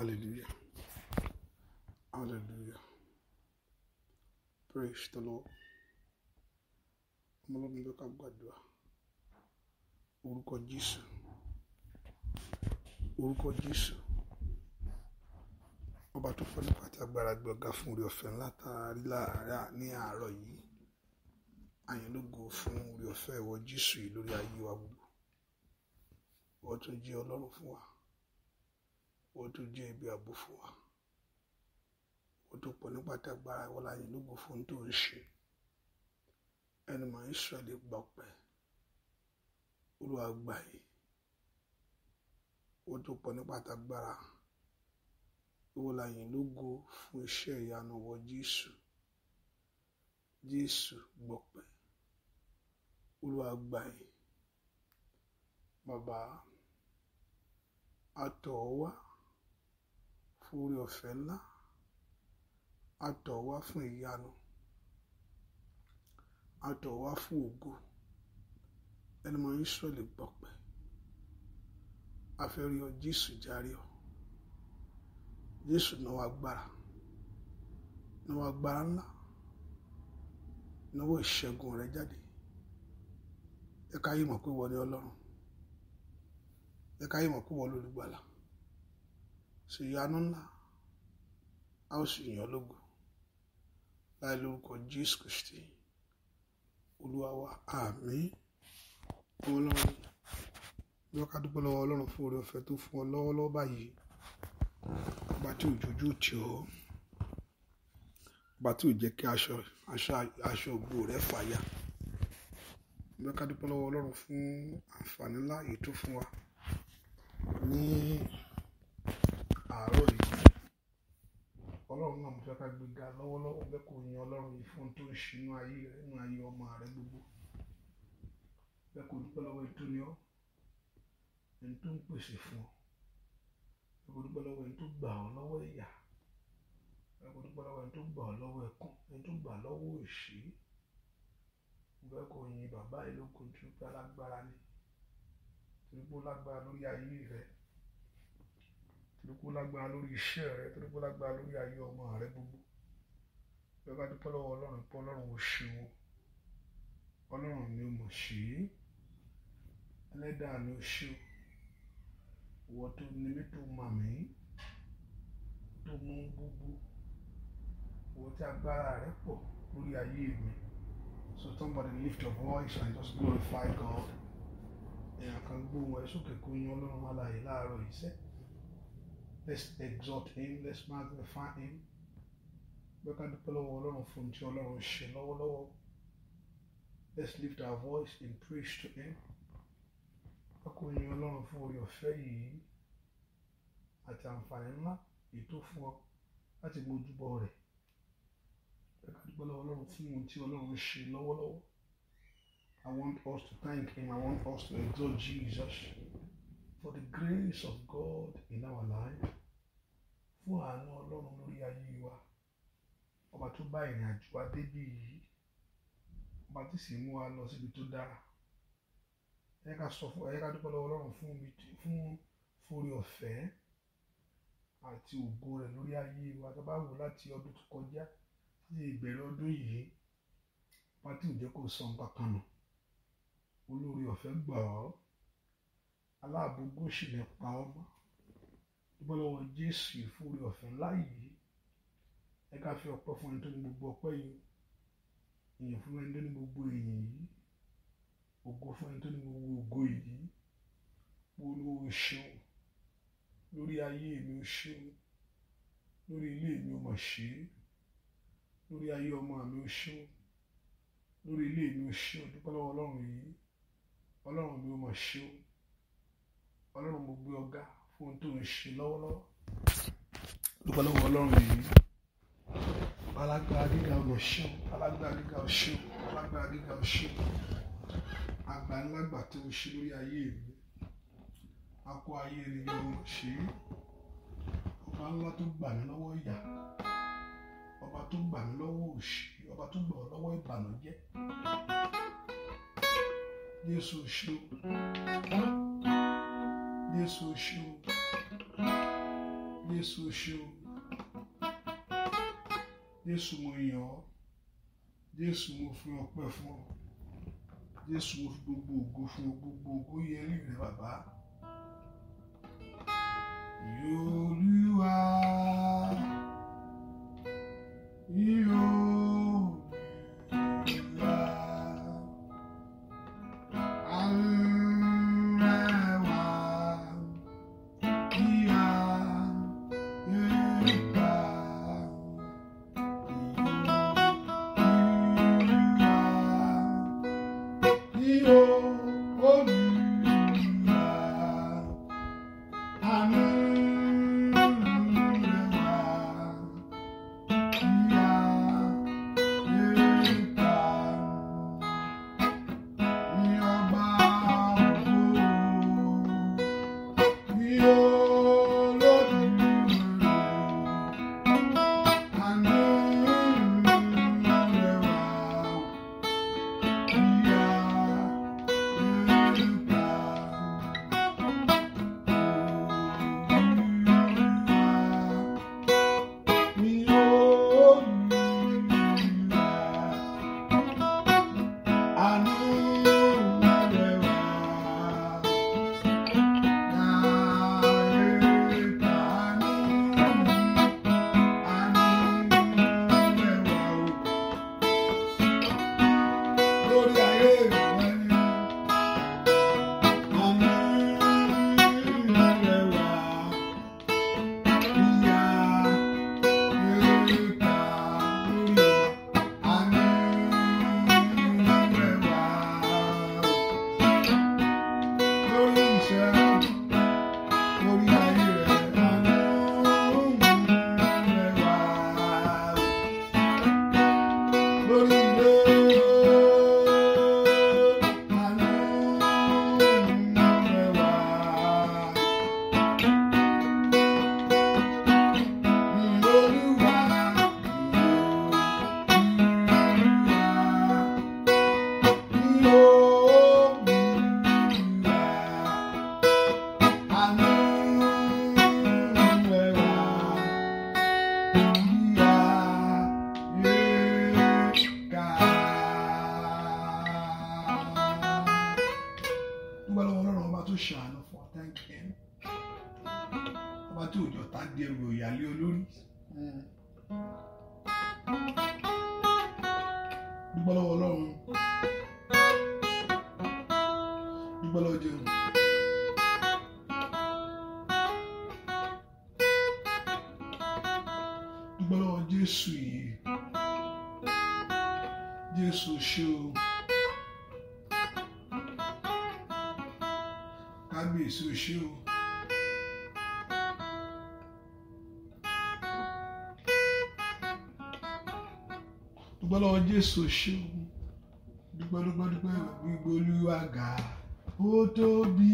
Hallelujah. Hallelujah. Praise the Lord. Ọmọlọ́run bẹ́ẹ̀ ká gbàdúrà. Orúkọ Jésù. Orúkọ Jésù. Ọba tó fọ́ nípa ti agbára gbé ọ̀gá fún orí ọ̀fẹ́ ńlá tààrí láàárá ní àárọ̀ yìí. Àyìnlógo fún orí ọ̀fẹ́ ìwọ Jésù yìí lórí ayé wa gbogbo. Wọ́n tún jẹ́ Ọlọ́run fún wa wọ́n tún jẹ́ ibi ààbò fún wa wọ́n tún pọ̀ nípa tẹ́gbára wọn láàyè lógo fún tó ń ṣe ẹni mọ̀ Ísírẹ́lì gbà ọpẹ́ Olúwa gbà yìí wọ́n tún pọ̀ nípa tẹ́gbára wọn láàyè lógo fún iṣẹ́ ìyanu wọ Jésù Jésù gbà ọpẹ́ Olúwa gbà yìí bàbá àtọ̀wá fún oore ọ̀fẹ́ ńlá a tọ̀ wá fún ìyanu a tọ̀ wá fún ògo ẹni mọ Ísírẹ́lì gbọpẹ́ a fẹ́ rí ọ Jésù járe ọ Jésù náwó agbára náwó agbára ńlá náwó ìṣẹ́gun rẹ jáde ẹ ká yìí mọ̀ pé wọ́n Ọlọ́run ẹ ká yìí mọ̀ pé wọ́n lólùgbàlà ṣe ìyanu ńlá a ó sì yàn lógo láì lórúkọ Jésù Kristi Olúwa wa àmín Ọlọ́run lọ́ka dúpẹ́ lọ́wọ́ Ọlọ́run fún oore ọ̀fẹ́ tó fún ọ lọ́wọ́lọ́wọ́ báyìí ọba tí òjòjú tì ọ́ ọba tí ò jẹ́ kí aṣọ aṣọ ògbó rẹ fàya lọ́ka dúpẹ́ lọ́wọ́ Ọlọ́run fún àǹfààní ńlá èyí tó fún wa ní àárọ̀ yìí ọlọ́run náà mo fẹ́ ká gbé ga lọ́wọ́lọ́wọ́ bẹ́ẹ̀ kò yin ọlọ́run yìí fún tó ń ṣinú ayé rẹ nínú ayé ọmọ rẹ gbogbo bẹ́ẹ̀ kò dúpẹ́ lọ́wọ́ ètò ni ọ́ ẹni tó ń pèsè fún ọ bẹ́ẹ̀ kò dúpẹ́ lọ́wọ́ ẹni tó gbà ọ́ lọ́wọ́ ìyà bẹ́ẹ̀ kò dúpẹ́ lọ́wọ́ ẹni tó gbà ọ́ lọ́wọ́ ẹ̀kún ẹni tó gbà lọ́wọ́ òṣì bẹ́ẹ̀ kò yin bàbá ìlú kojú pé alágbára ni torí pé lágbára lórí ayé rẹ̀ torí kó lágbára lórí iṣẹ́ rẹ torí kó lágbára lórí ayé ọmọ rẹ gbogbo bẹ́ẹ̀ bá dúpẹ́ lọ́wọ́ ọlọ́run pé ọlọ́run ò ṣe wo ọlọ́run ni ó mọ̀ ṣe é ẹlẹ́dàá ni ó ṣe o ìwọ tó ní mí tó mà mí tó mú gbogbo ìwọ tí agbára rẹ pọ̀ lórí ayé mi so somebody lift your voice and just glorify God èèyàn kan gbóhùn ẹ sókè kó yan ọlọ́run aláyè láàárọ̀ yìí sẹ́ẹ̀ let's exalt him let's magnify him bẹ́ẹ̀ ká dúpẹ́ lọ́wọ́ ọlọ́run fún ti let's lift our voice in praise to him ọkùnrin ọlọ́run fún orí ọ̀fẹ́ yìí àti àǹfààní ńlá ètò fún ọ láti gbójúbọ rẹ̀ bẹ́ẹ̀ ká fún ohun tí ọlọ́run ṣe lọ́wọ́lọ́wọ́ I want us to thank him I want us to exalt Jesus grace of God in our life fún àánú ọlọ́run lórí ayé wa ọba tó bá ìrìn àjò wa débi yìí ọba tí sì mú wa lọ síbi tó dára ẹ ká sọ fún ẹ ká dúpẹ́ lọ́wọ́ ọlọ́run fún mi fún fúri ọ̀fẹ́ àti ògo rẹ̀ lórí ayé wa tó bá wù láti ọdún tó kọjá sí ìbẹ̀rẹ̀ ọdún yìí ọba tí ò jẹ́ kó sọ nǹkan nù olórí ọ̀fẹ́ gbà ọ́ aláàbògbò sì lè pa ọ́ mọ́ dúpẹ́ lọ́wọ́ jésù ìfúre ọ̀fẹ́ láàyè ẹ ká fi ọpẹ́ fún ẹni tó ní gbogbo ọpẹ́ yìí èèyàn fún ẹni tó ní gbogbo èèyàn yìí ògo fún ẹni tó ní gbogbo ògo yìí olówó ṣeun lórí ayé mi ó ṣeun lórí ilé mi ó mọ̀ ṣe é lórí ayé ọmọ mi ó ṣeun lórí ilé mi ó ṣeun dúpẹ́ lọ́wọ́ ọlọ́run yìí ọlọ́run mi ó mọ̀ ṣeun ọlọ́run mo gbé ọgá fún ohun tó ń ṣe lọ́wọ́lọ́wọ́ dúpẹ́ lọ́wọ́ ọlọ́run yìí alágbára gíga ọ̀ṣun alágbára gíga ọ̀ṣun alágbára gíga ọ̀ṣun àgbà ńlágbà tó ń ṣe lórí ayé mi akọ ayé mi ló ń ṣe é ọba ńlá tó gbà mí lọ́wọ́ ìyà ọba tó gbà mí lọ́wọ́ òṣì ọba tó gbà ọ́ lọ́wọ́ ìbànújẹ́ Jésù ṣe This will show. This will show. Jésù mo yàn ọ́ Jésù mo fi ọpẹ́ fún ọ Jésù mo fi gbogbo ògo fún ọ gbogbo ògo yẹrí rẹ bàbá. jésù ṣeun dúpẹ́ dúpẹ́ dúpẹ́ gbígbóluwàgà ó tóbi.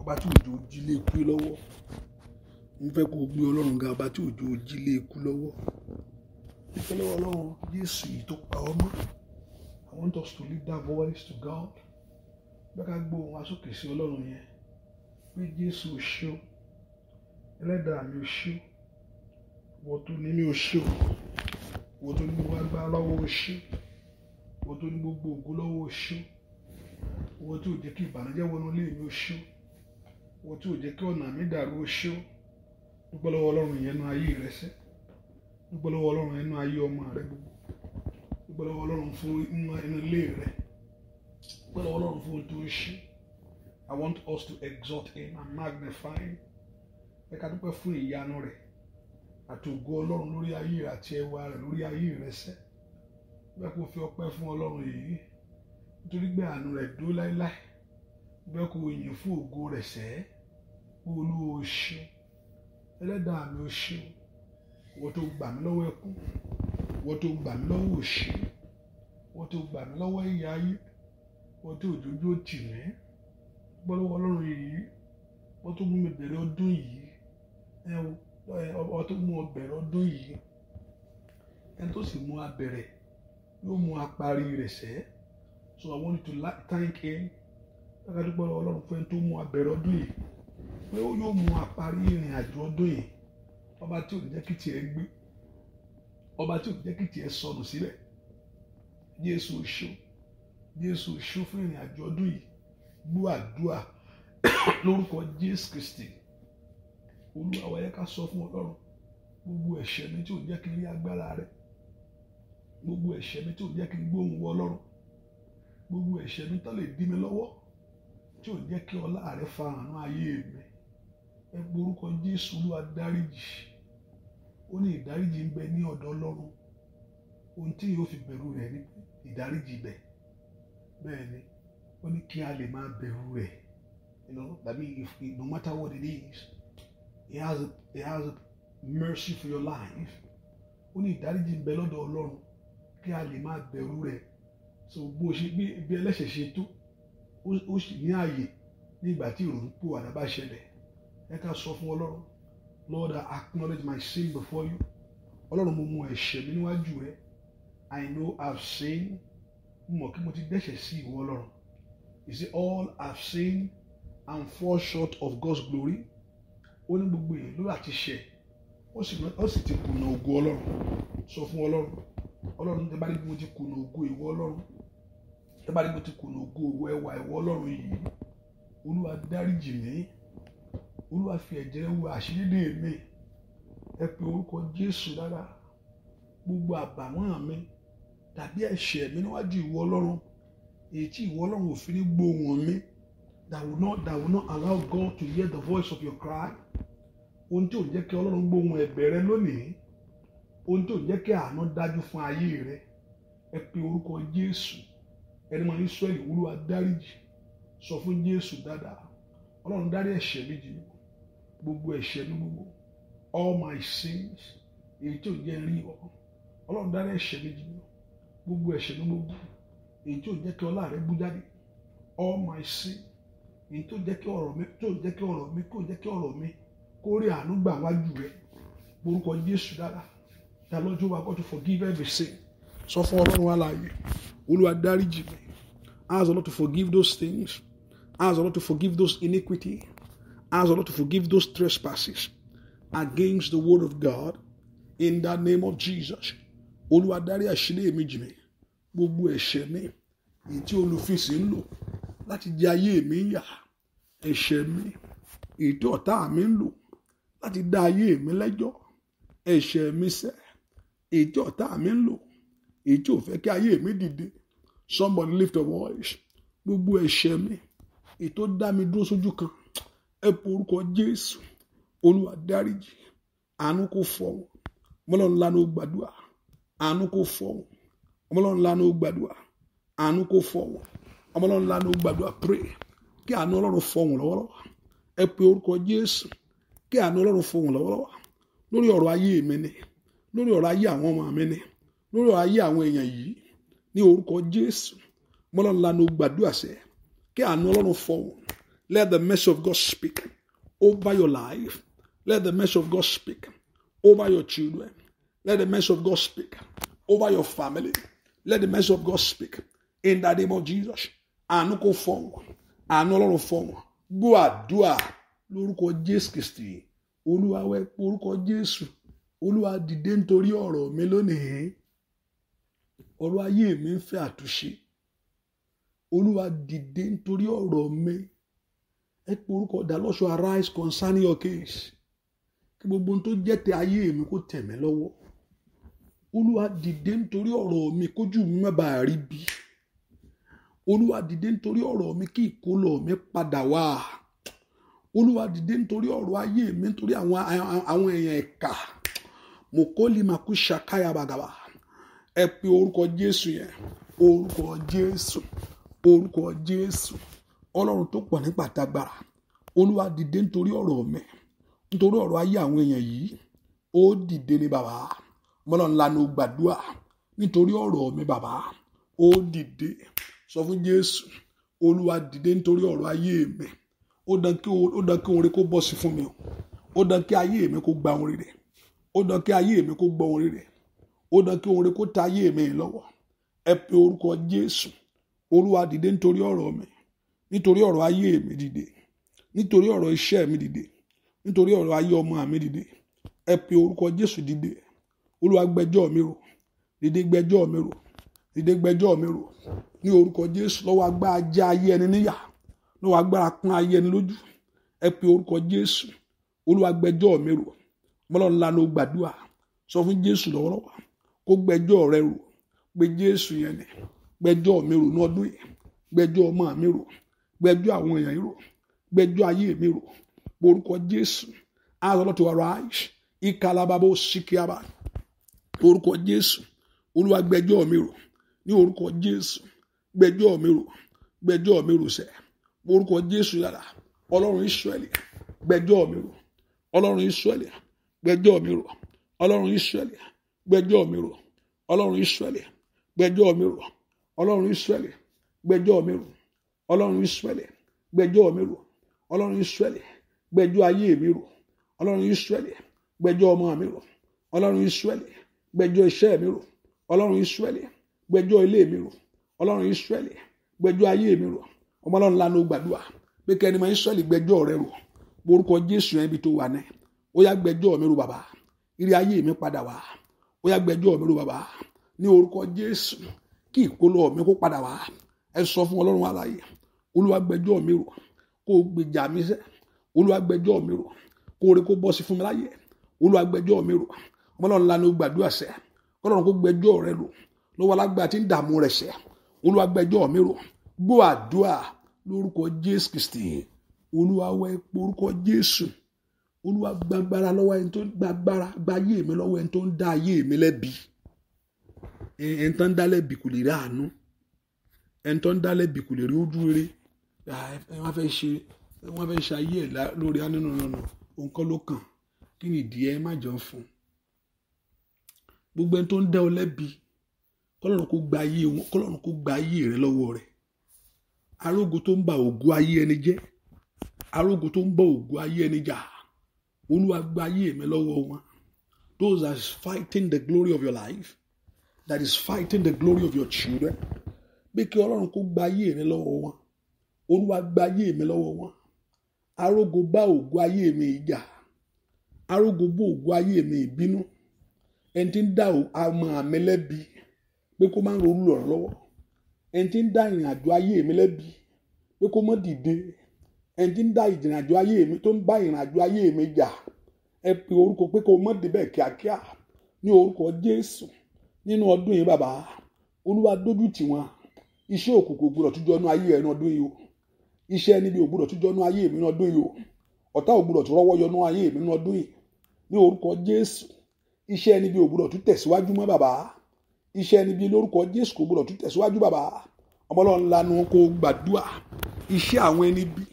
ọba tí òjò jí lé kú lọ́wọ́ mo fẹ́ kó o gbé ọlọ́run ga ọba tí òjò jí lé kú lọ́wọ́ ìfẹ́ lọ́wọ́ ọlọ́run Jésù yìí tó pa ọmọ I want us to lift that voice to God bẹ́ẹ̀ ká gbọ́ ohùn asókè sí ọlọ́run yẹn pé Jésù ò ṣe o ẹlẹ́dàá mi ò ṣe o wọ́n tó ní mi ò ṣe o wọ́n tó ní gbogbo agbára lọ́wọ́ ò ṣe o wọ́n tó ní gbogbo ògùn lọ́wọ́ ò ṣe o. owó tí ò jẹ́ kí ìbànújẹ́ wọnú ilé mi ó owó tí ò jẹ́ kí ọ̀nà mi dàrú ó dúpẹ́ lọ́wọ́ ọlọ́run yẹn nu ayé rẹ sẹ́ dúpẹ́ lọ́wọ́ ọlọ́run yẹn nu I want us to exalt him and magnify him ẹ ká dúpẹ́ fún ìyanu rẹ àti ògo ọlọ́run lórí ayé rẹ àti ẹwà rẹ lórí ayé rẹ sẹ́ bẹ́ẹ̀ fi ọpẹ́ fún ọlọ́run yìí. nítorí pé àánú rẹ̀ dúró láéláé bẹ́ẹ̀ kó yìn fún ògo rẹ̀ sẹ́ olúwo ṣe ẹlẹ́dàá mi ò ṣe wọ́n tó gbà mí lọ́wọ́ ẹkún wọ́n tó gbà mí lọ́wọ́ òṣì wọ́n tó gbà mí lọ́wọ́ ìyà ayé wọ́n tó òjòjú tì mí gbọ́dọ̀wọ́ ọlọ́run yìí wọ́n tó mú mi bẹ̀rẹ̀ ọdún yìí ẹ wọ́n tó mú ọ bẹ̀rẹ̀ ọdún yìí ẹni tó sì mú abẹ̀rẹ̀ yóò mú apari rẹ̀ sẹ́ẹ́ so I want you to thank him lágbàdúgbò ọlọ́run fún ẹni tó mú abẹ̀rẹ̀ ọdún yìí pé ó yóò mú àparí ìrìn àjò ọdún yìí ọba tí ò ní jẹ́ kí tiẹ̀ gbé ọba tí ò ní jẹ́ kí tiẹ̀ sọnù sílẹ̀ Jésù ṣó Jésù ṣó fún ìrìn àjò ọdún yìí gbọ́ àdúrà lórúkọ Jésù Kristi Olúwa wa yẹ ká sọ fún ọlọ́run gbogbo ẹ̀ṣẹ̀ mi tí ò jẹ́ kí n rí agbára rẹ gbogbo ẹ̀ṣẹ̀ mi tí ò jẹ́ kí n gbóhùn wọ ọlọ́run gbogbo ẹ̀ṣẹ̀ mi tó lè dí mi lọ́wọ́ tí ò jẹ́ kí ọlá rẹ fa àánú ayé mi ẹ gborúkọ Jésù Olúwa dáríjì ó ní ìdáríjì ń bẹ ní ọ̀dọ̀ Ọlọ́run ohun tí yóò fi bẹ̀rù rẹ̀ ní ìdáríjì bẹ̀ bẹ́ẹ̀ ni ó ní kí a lè máa bẹ̀rù rẹ̀ you know that means if, no matter what it is he has a, he has a mercy for your life ó ní ìdáríjì ń bẹ lọ́dọ̀ Ọlọ́run kí a lè máa bẹ̀rù rẹ̀ so bó ṣe bí ẹlẹ́ṣẹ̀ ṣe tó ó sì ní ààyè nígbà tí ìrònú pò wà lábá ṣẹlẹ̀ ẹ ká sọ fún ọlọ́run Lord I acknowledge my sin before you ọlọ́run mo mọ ẹ̀ṣẹ̀ mi níwájú rẹ I know I've sinned mo mọ̀ kí mo ti dẹ́ṣẹ̀ sí ìwọ ọlọ́run you see all I've sinned and fall short of God's glory ó ní gbogbo èyí ló láti ṣẹ̀ ó sì ti kùnà ògo ọlọ́run sọ fún ọlọ́run ọlọ́run tẹ́ bá rí bí mo ti kùnà ògo ìwọ ọlọ́run tẹ́ bá rí bí mo ti kùnà ògo ìwọ ẹwà ìwọ ọlọ́run yìí olúwa dáríjì mí olúwa fi ẹ̀jẹ̀ wo àṣírí dè mí ẹ pé orúkọ jésù dára gbogbo àbàwọ́n mi tàbí ẹ̀ṣẹ̀ mi níwájú ìwọ ọlọ́run èyí tí ìwọ ọlọ́run ò fi ní gbóhùn mi that will not that will not allow God to hear the voice of your cry ohun tí ò jẹ́ kí ọlọ́run gbóhùn ẹ̀bẹ̀ rẹ lónìí ohun tó jẹ́ kí àánú dájú fún ayé rẹ ẹ pe orúkọ jésù ẹni máa ń sọ èyí olúwa dáríjì sọ fún jésù dáadáa ọlọ́run dárí ẹ̀ṣẹ̀ méjì gbogbo ẹ̀ṣẹ̀ ní gbogbo all my sins èyí tí ò jẹ́ rí ọ ọlọ́run dárí ẹ̀ṣẹ̀ méjì gbogbo ẹ̀ṣẹ̀ ní gbogbo èyí tí jẹ́ kí ọlá rẹ bú jáde all my sins èyí tó jẹ́ kí ọ̀rọ̀ mi tó jẹ́ kí ọ̀rọ̀ mi kó jẹ́ kí ọ̀rọ̀ mi kó rí àánú gbà wájú rẹ orúkọ jésù dáadáa that Lord, you are going to forgive every sin. So for Ọlọ́run alààyè, Olúwa dáríjì mi. Ask the Lord to forgive those things. Ask the Lord to forgive those iniquity. Ask the Lord to forgive those trespasses against the word of God in the name of Jesus. Olúwa dárí àṣírí mi jì mí. Gbogbo ẹ̀ṣẹ̀ mi èyí tí olùfisì ń lò láti jẹ ayé mi yà ẹ̀ṣẹ̀ mi èyí tí ọ̀tá mi ń lò láti dá ayé mi lẹ́jọ́ ẹ̀ṣẹ̀ mi sẹ́ẹ̀ ìjọ tá a mi ń lò ìjọ fẹ́ kí ayé mi dìde somebody lift a voice gbogbo ẹ̀ṣẹ̀ mi ètò dá mi dúró sójú kan ẹ porúkọ jésù olúwa dáríjì àánú kò fọwọ́ ọmọlọ́run lánà ó gbàdúrà àánú kò fọwọ́ ọmọlọ́run lánà gbàdúrà àánú kò fọwọ́ ọmọlọ́run lánà gbàdúrà pray kí àánú ọlọ́run fọwọ́ lọ́wọ́lọ́wọ́ ẹ pe orúkọ jésù kí àánú ọlọ́run fọwọ́ lọ́wọ́lọ́wọ́ lórí ọ̀rọ̀ ayé mi ni lórí ọ̀rọ̀ ayé àwọn ọmọ mi ni lórí ọ̀rọ̀ ayé àwọn èèyàn yìí ní orúkọ Jésù mọ́lọ́nla ni ó gbàdúrà sẹ́ kí àánú Ọlọ́run fọwọ́ let the mercy of God speak over your life let the mercy of God speak over your children let the mercy of God speak over your family let the mercy of God speak in the name of Jesus àánú kò fọwọ́ àánú Ọlọ́run fọwọ́ gbọ́ àdúrà lórúkọ Jésù Kristi olúwa wẹ orúkọ Jésù olúwa dìde nítorí ọ̀rọ̀ mi lónìí ọ̀rọ̀ ayé mi ń fẹ́ àtúnṣe olúwa dìde nítorí ọ̀rọ̀ mi ẹ pé orúkọ dalọ́sọ arise concerning your case kí gbogbo ohun tó jẹ́ tẹ ayé mi kó tẹ̀ mí lọ́wọ́ olúwa dìde nítorí ọ̀rọ̀ mi kójú mi má bàa rí bí olúwa dìde nítorí ọ̀rọ̀ mi kí ìkólọ mi padà wá olúwa dìde nítorí ọ̀rọ̀ ayé mi nítorí àwọn èèyàn ẹ̀ka mokoli makusha kayabagaba ẹ pe orúkọ jésù yẹn orúkọ jésù orúkọ jésù ọlọ́run tó pọ̀ nípa tagbára olúwa dìde nítorí ọ̀rọ̀ mi nítorí ọ̀rọ̀ ayé àwọn èèyàn yìí ó dìde ní bàbá mọ́lọ́n lanu gbàdúrà nítorí ọ̀rọ̀ mi bàbá ó dìde sọ fún jésù olúwa dìde nítorí ọ̀rọ̀ ayé mi ó dán kí oore kó bọ́ sí fún mi ó dán kí ayé mi kó gba orin rẹ̀ ó dán kí ayé mi kó gbọ́ orin rẹ̀ ó dán kí orin kó ta ayé mi lọ́wọ́ ẹ pe orúkọ Jésù olúwa dìde nítorí ọ̀rọ̀ mi nítorí ọ̀rọ̀ ayé mi dìde nítorí ọ̀rọ̀ iṣẹ́ mi dìde nítorí ọ̀rọ̀ ayé ọmọ mi dìde ẹ pe orúkọ Jésù dìde olúwa gbẹ́jọ́ mi rò dìde gbẹ́jọ́ mi rò dìde gbẹ́jọ́ mi rò ní orúkọ Jésù lọ́wọ́ agbára já ayé ẹni níyà lọ́wọ́ agbára pọ́n ayé ẹni lójú ẹ pe orúkọ Jésù olúwa gbẹ́jọ́ mi rò bọ́lọ́run lanu gbàdúrà sọ fún jésù lọ́wọ́lọ́wọ́ kó gbẹjọ́ rẹ rò pé jésù yẹn ni gbẹjọ́ mi rò ní ọdún yìí gbẹjọ́ ọmọ mi rò gbẹjọ́ àwọn èèyàn rò gbẹjọ́ ayé mi rò orúkọ jésù azọlọ́tò ọ̀rọ̀ àìsí ìkàlábàbò síkíábà orúkọ jésù olúwa gbẹjọ́ mi rò ní orúkọ jésù gbẹjọ́ mi rò gbẹjọ́ mi rò sẹ́ orúkọ jésù yàrá ọlọ́run ìṣọ́ẹ̀lì gbẹjọ́ mi rò ọlọ́run ìṣọ́ẹ̀lì gbẹ́jọ́ mi rò ọlọ́run Ísírẹ́lì gbẹ́jọ́ mi rò ọlọ́run Ísírẹ́lì gbẹ́jọ́ mi rò ọlọ́run Ísírẹ́lì gbẹ́jọ́ mi rò ọlọ́run Ísírẹ́lì gbẹ́jọ́ mi rò ọlọ́run Ísírẹ́lì gbẹ́jọ́ ayé mi rò ọlọ́run Ísírẹ́lì gbẹ́jọ́ ọmọ mi rò ọlọ́run Ísírẹ́lì gbẹ́jọ́ iṣẹ́ mi rò ọlọ́run Ísírẹ́lì gbẹ́jọ́ ilé mi rò ọlọ́run Ísírẹ́lì gbẹ́jọ́ ayé mi rò ọmọ ọlọ́run lanu gbàdúrà pé kẹ́ni máa Ísírẹ́lì gbẹ́jọ́ rẹ rò orúkọ Jésù yẹn tó wà náà ó yá gbẹ́jọ́ mi rò bàbá ire ayé mi padà wá ó yá gbẹ́jọ́ mi rò bàbá ní orúkọ Jésù kí ìkólọ mi kó padà wá ẹ sọ fún Ọlọ́run alààyè Olúwa gbẹ́jọ́ mi rò kó gbèjà mi sẹ́ Olúwa gbẹ́jọ́ mi rò kó orí kó bọ́ sí fún mi láyè Olúwa mi rò ọmọlọ́run lanu gbàdúrà sẹ́ Ọlọ́run kó gbẹ́jọ́ rẹ rò lọ́wọ́ alágbà tí ń dààmú rẹ̀ sẹ́ Olúwa mi rò gbọ́ àdúrà lórúkọ Jésù Kristi Olúwa wẹ́ orúkọ Jésù olúwa gbàgbára lọ́wọ́ ẹni tó gbàgbára gba ayé mi lọ́wọ́ ẹni tó ń dá ayé mi lẹ́bi ẹni tó ń dá lẹ́bi kò lè rí àánú ẹni tó ń dá lẹ́bi kò lè rí ojú rere wọ́n fẹ́ ṣe wọ́n fẹ́ ṣe ayé ẹ̀ lórí anínú ọ̀nà nǹkan ló kàn kí ni ìdí ẹ má jọ fún gbogbo ẹni tó ń dá ọ lẹ́bi kọ́lọ́run kó gba ayé rẹ lọ́wọ́ rẹ arógo tó ń ba ògo ayé ẹni jẹ́ arógo tó ń bọ ògo ayé ẹni jà olúwa gba ayé mi lọ́wọ́ wọn those that is fighting the glory of your life that is fighting the glory of your children bí kí ọlọ́run kó gba ayé mi lọ́wọ́ wọn olúwa gba ayé mi lọ́wọ́ wọn arógo bá ògo ayé mi ìjà arógo bá ògo ayé mi ìbínú ẹni tí ń dá ọmọ mi lẹ́bi pé kó máa ń ronú lọ́wọ́ ẹni tí ń dá ìrìn àjò ayé mi lẹ́bi pé kó má dìde ẹni tí ń da ìrìnàjò ayé mi tó ń bá ìrìnàjò ayé mi jà ẹ pe orúkọ pé kó mọ́ débẹ̀ kíákíá ní orúkọ Jésù nínú ọdún yìí bàbá olúwa dójú tì wọ́n iṣẹ́ òkùnkùn gbọ́dọ̀ tún jọ́nú ayé ẹ̀nu ọdún yìí o iṣẹ́ níbi ògbọ́dọ̀ tún jọ́nú ayé mi ọdún yìí o ọ̀tá ògbọ́dọ̀ tún rọ́wọ́ yọnú ayé mi ọdún yìí ní orúkọ Jésù iṣẹ́ níbi ògbọ́dọ̀ tún tẹ̀síwájú mọ́ bàbá iṣẹ́ níbi lórúkọ Jésù kò gbọ́dọ̀ tún tẹ̀síwájú bàbá ọmọlọ́run lanu kó gbàdúrà iṣẹ́ àwọn ẹni bíi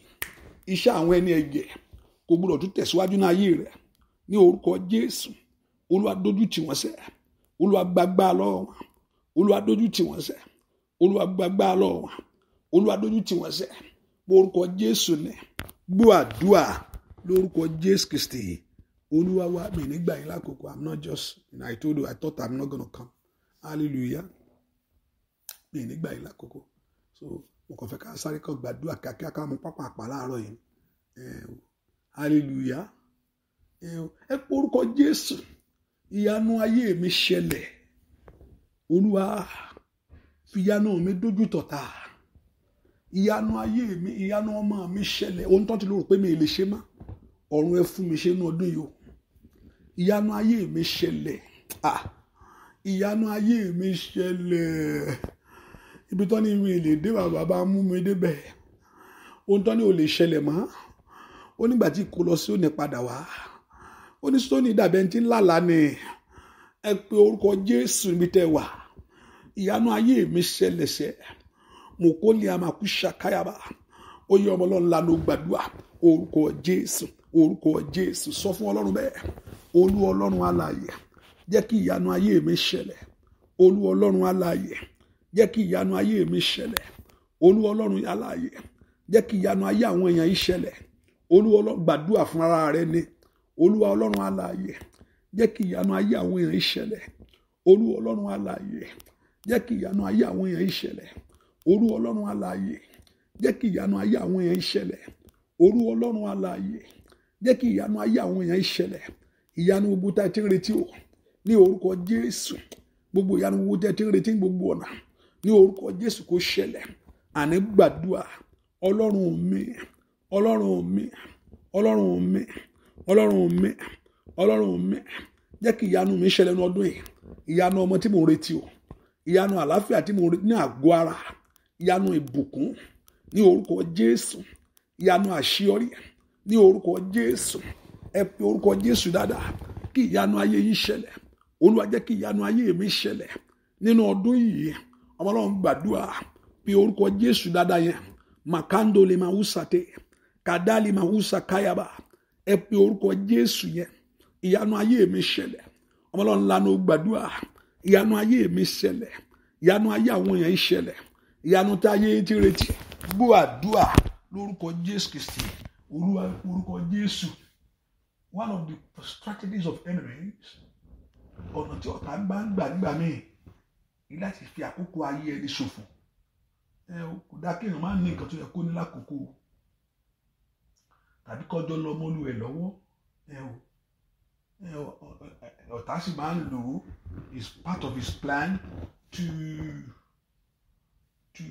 iṣẹ́ àwọn ẹni ẹ̀jẹ̀ kò gbọdọ̀ tún tẹ̀síwájú ní ayé rẹ̀ ní orúkọ Jésù Olúwa dojú tì wọ́n sẹ́ Olúwa gbàgbà lọ́wọ́ wọn Olúwa dojú tì wọ́n sẹ́ Olúwa gbàgbà lọ́wọ́ wọn Olúwa dojú tì wọ́n sẹ́ orúkọ Jésù ni gbọ́ àdúà lórúkọ Jésù Kristi Olúwa wa mi nígbà yín lákòókò I'm not just I told you I thought I'm not gonna come hallelujah mi nígbà yín lákòókò so mo kàn fẹ́ ká sáré kan gbàdúrà kíákíá ká mọ pápá àpá láàárọ̀ yìí hallelujah ẹ pé orúkọ Jésù ìyanu ayé mi ṣẹlẹ̀ Olúwa fìyanu mi dójú tọ̀tà ìyanu ayé mi ìyanu ọmọ mi ṣẹlẹ̀ ohun tó ti lóru pé mi lè ṣe má ọ̀run ẹ fún mi ṣe ní ọdún yìí o ìyanu ayé mi ṣẹlẹ̀ ah, ìyanu ayé mi ṣẹlẹ̀ ibi tán ní mi lè dé bàbá bá mú mi débẹ̀ ohun tán ní o lè ṣẹlẹ̀ mọ́ ó nígbà tí kò lọ sí òní padà wá ó ní sóní dàbẹ̀ ti ń lálà ni ẹ pé orúkọ Jésù mi tẹ wà ìyanu ayé mi ṣẹlẹ̀ ṣẹ mo kó lè àmàkú ṣàkáyàbá ó yẹ ọmọ ọlọ́run lanu gbàdúrà orúkọ Jésù orúkọ Jésù sọ fún ọlọ́run bẹ́ẹ̀ olú ọlọ́run alààyè jẹ́ kí ìyanu ayé mi ṣẹlẹ̀ olú ọlọ́run alààyè jẹ́ kí ìyanu ayé mi ṣẹlẹ̀ olúwa ọlọ́run aláàyè jẹ́ kí ìyanu ayé àwọn èèyàn yìí ṣẹlẹ̀ olúwa ọlọ́run gbàdúrà fún ara rẹ ni olúwa ọlọ́run aláàyè jẹ́ kí ìyanu ayé àwọn èèyàn yìí ṣẹlẹ̀ olúwa ọlọ́run aláàyè jẹ́ kí ìyanu ayé àwọn èèyàn yìí ṣẹlẹ̀ olúwa ọlọ́run aláàyè jẹ́ kí ìyanu ayé àwọn èèyàn yìí ṣẹlẹ̀ olúwa ọlọ́run aláàyè jẹ́ kí ìyanu ayé àwọn èèyàn yìí ṣẹlẹ̀ ìyanu gbogbo tá a ti ń retí o ní orúkọ jésù gbogbo ìyanu gbogbo tá a ti ń retí gbogbo ọ̀nà ní orúkọ jésù kó ṣẹlẹ̀ àní gbàdúrà ọlọ́run mi ọlọ́run mi ọlọ́run mi ọlọ́run mi ọlọ́run mi jẹ́ kí ìyanu mi ṣẹlẹ̀ ní ọdún yìí ìyanu ọmọ tí mò ń retí o ìyanu àlàáfíà tí mò ń retí ní àgọ́ ara ìyanu ìbùkún ní orúkọ jésù ìyanu àṣeyọrí ní orúkọ jésù ẹ pe orúkọ jésù dáadáa kí ìyanu ayé yín ṣẹlẹ̀ olúwa jẹ́ kí ìyanu ayé mi ṣẹlẹ̀ nínú ọdún yìí ọmọ gbàdúrà pé orúkọ jésù dáadáa yẹn makando lè máa wúsà tẹ kàdá lè máa wúsà káyàbá ẹ pé orúkọ jésù yẹn ìyanu ayé mi ṣẹlẹ̀ ọmọ lanu gbàdúrà ìyanu ayé mi ṣẹlẹ̀ ìyanu ayé àwọn èèyàn ṣẹlẹ̀ ìyanu tá ayé ti retí gbọ́ lórúkọ jésù kristi orúkọ jésù one of the strategies of enemies ọ̀nà tí ọ̀tá gbangba gbà ní láti fi àkókò ayé ẹni ṣòfò ẹ kò dáa kéèyàn máa ń ní nǹkan tó yẹ kó ní lákòókò tàbí kọjọ lọ mọlú ẹ lọ́wọ́ ẹ o ọ̀tá sì máa ń lò ó is part of his plan to to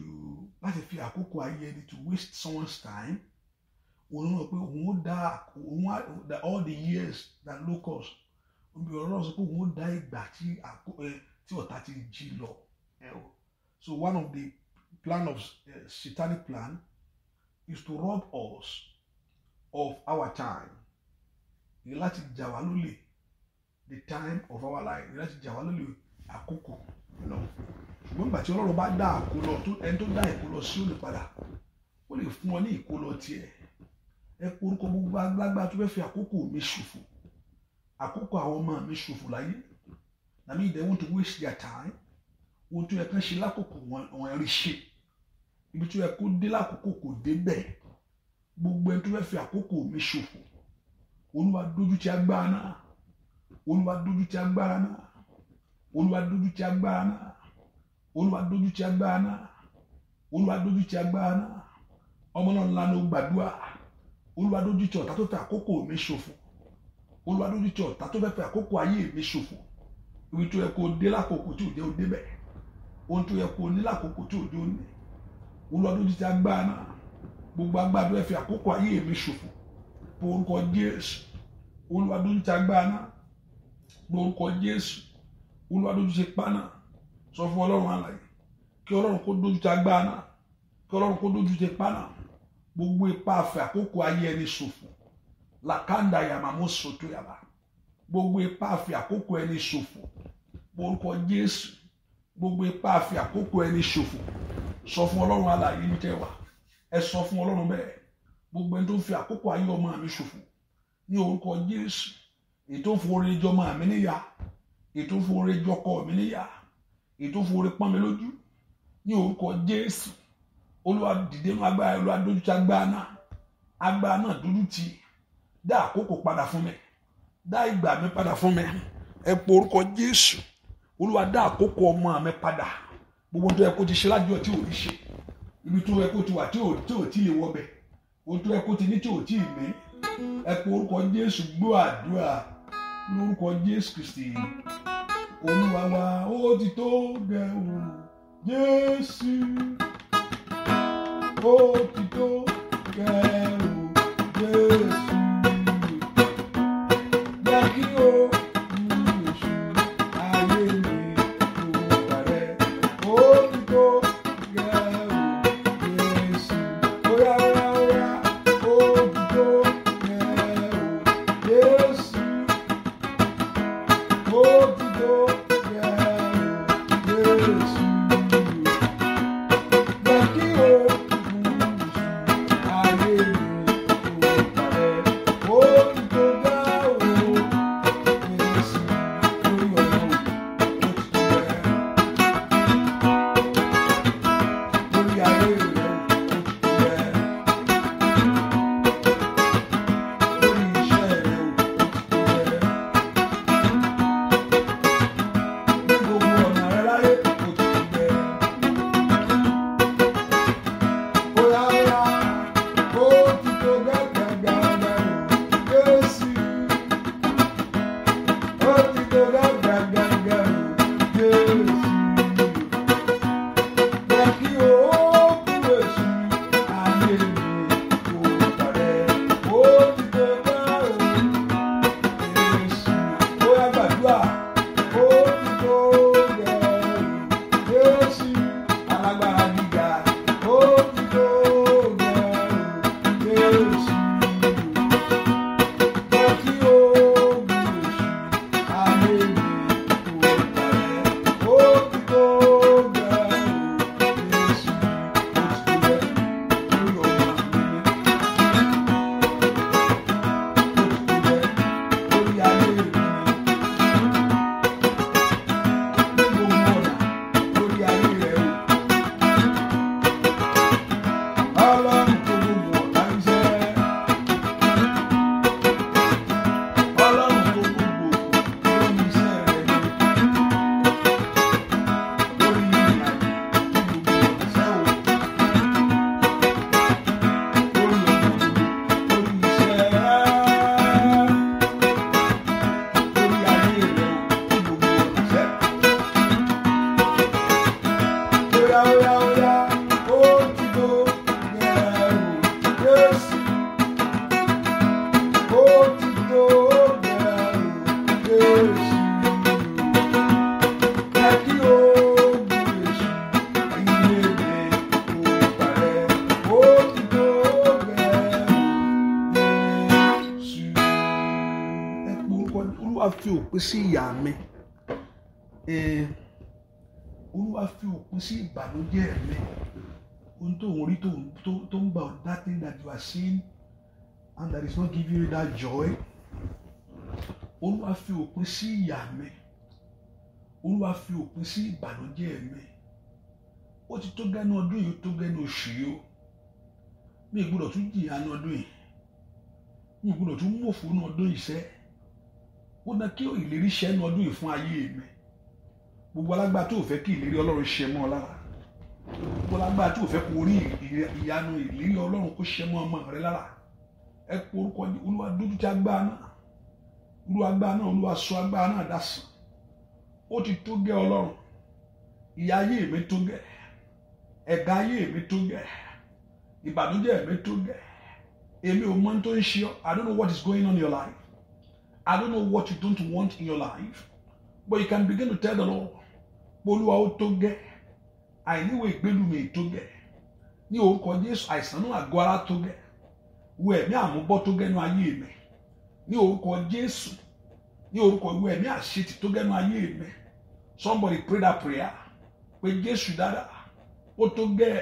láti fi àkókò ayé ẹni to waste someone's time òun náà pé òun ó dá òun all the years that locust òun bí ọ̀rọ̀ sọ pé òun ó dá ìgbà tí tí ọ̀tá ti ń jí lọ so one of the plan of uh, satanic plan is to rob us of our time ní láti jà wá lólè the time of our life ní láti jà wá lólè àkókò ṣùgbọ́n nígbà tí ọlọ́run bá dá àkólọ ẹni tó dá ìkólọ sí òní padà ó lè fún ọ ní ìkólọ tiẹ̀ ẹ orúkọ gbogbo agbágbá tó fẹ́ fi àkókò mi ṣòfò àkókò àwọn ọmọ mi ṣòfò láyé That means they want to waste their time. Ohun tó yẹ kán ṣe lákòókò wọn rí ṣe. Ibi tó yẹ kó dé lákòókò kò dé bẹ́ẹ̀. Gbogbo ẹni tó fẹ́ fi àkókò mi ṣòfò. Olúwa dójú ti agbára náà. Olúwa dójú ti agbára náà. Olúwa dójú ti agbára náà. Olúwa dójú ti agbára náà. Olúwa dójú ti agbára náà. Ọmọ náà ńlá gbàdúrà. Olúwa dójú ti ọ̀tá tó fẹ́ àkókò mi ṣòfò. Olúwa dójú ti ọ̀tá tó fẹ́ fẹ́ àkókò ayé mi ṣòfò ibi tó yẹ kó dé lákòókò tí ò jẹ́ ó débẹ̀ ohun tó yẹ kó ní lákòókó tí òjò ní olùwàdó ti agbára náà gbogbo agbára tó yẹ fi àkókò ayé mi ṣòfò orúkọ jésù olùwàdó ti agbára náà orúkọ jésù olùwàdó ti pa náà sọ fún ọlọ́run alààyè kí ọlọ́run kó dójú ti agbára náà kí ọlọ́run kó dójú ti pa náà gbogbo ipa àfẹ àkókò ayé ẹni ṣòfò làkàndà yàmàmú sòtó yàrá gbogbo ipá àfi àkókò ẹni ṣòfò orúkọ Jésù gbogbo ipá àfi àkókò ẹni ṣòfò sọ fún Ọlọ́run alààyè mi tẹ́ wà ẹ sọ fún Ọlọ́run bẹ́ẹ̀ gbogbo ẹni tó ń fi àkókò ayé ọmọ mi ṣòfò ní orúkọ Jésù ètò ìfowóre jọ ọmọ mi níyà ètò ìfowóre jọ ọkọ mi níyà ètò ìfowóre pọ́n mi lójú ní orúkọ Jésù Olúwa dìde mú agbára Olúwa dójú agbára náà agbára náà dúdú tì dá àkókò padà fún mi dá ìgbà mi padà fún mi ẹ po orúkọ Jésù olúwa dá àkókò ọmọ mi padà gbogbo tó yẹ kó ti ṣe lájọ tí ò rí ṣe ibi tó yẹ kó ti wà tí ò tí ò tí lè wọbẹ ohun tó yẹ kó ti ní tí ò tí ì ní ẹ po orúkọ Jésù gbọ́ àdúrà lórúkọ Jésù Kristi olúwa wa ó ti tó gẹ o Jésù ó ti tó gẹ Jésù. kún sí ìbànújẹ́ rẹ ohun tó ń rí tó ń gbà that thing that you are seeing and that is not giving you that joy olúwa fi òpin sí ìyà mi olúwa fi òpin sí ìbànújẹ́ mi ó ti tó gẹ́nu ọdún yìí ó tó gẹ́nu oṣù yìí ó mi gbọ́dọ̀ tún jìyà ní ọdún yìí mi gbọ́dọ̀ tún mọ̀fó ní ọdún yìí sẹ́ ó dá kí ìlérí ṣẹ́ ní ọdún yìí fún ayé mi gbogbo alágbá tó fẹ́ kí ìlérí ọlọ́run ṣe mọ́ ọ lára gbogbo alágbá tó fẹ́ kó rí ìyanu ìlérí ọlọ́run kó ṣe mọ́ ọmọ rẹ lára ẹ kó orúkọ olúwa dúdú tí agbára náà olúwa agbára náà olúwa sọ agbára náà dásán ó ti tó gẹ́ ọlọ́run ìyà ayé mi tó gẹ́ ẹ̀gá ayé mi tó gẹ́ ìbànújẹ́ mi tó gẹ́ èmi ò mọ̀ tó ń ṣe ọ I don't know what is going on in your life I don't know what you don't want in your life but you can begin to tell the Lord polúwa ó tó gẹ́ àìníwò ìgbélùmí tó gẹ́ ní orúkọ Jésù àìsàn náà àgọ́ ara tó gẹ́ wo ẹ̀mí àmúbọ́ tó gẹ́nu ayé mi ní orúkọ Jésù ní orúkọ wo ẹ̀mí àṣetì tó gẹ́nu ayé mi somebody pray that prayer pé Jésù dára ó tó gẹ́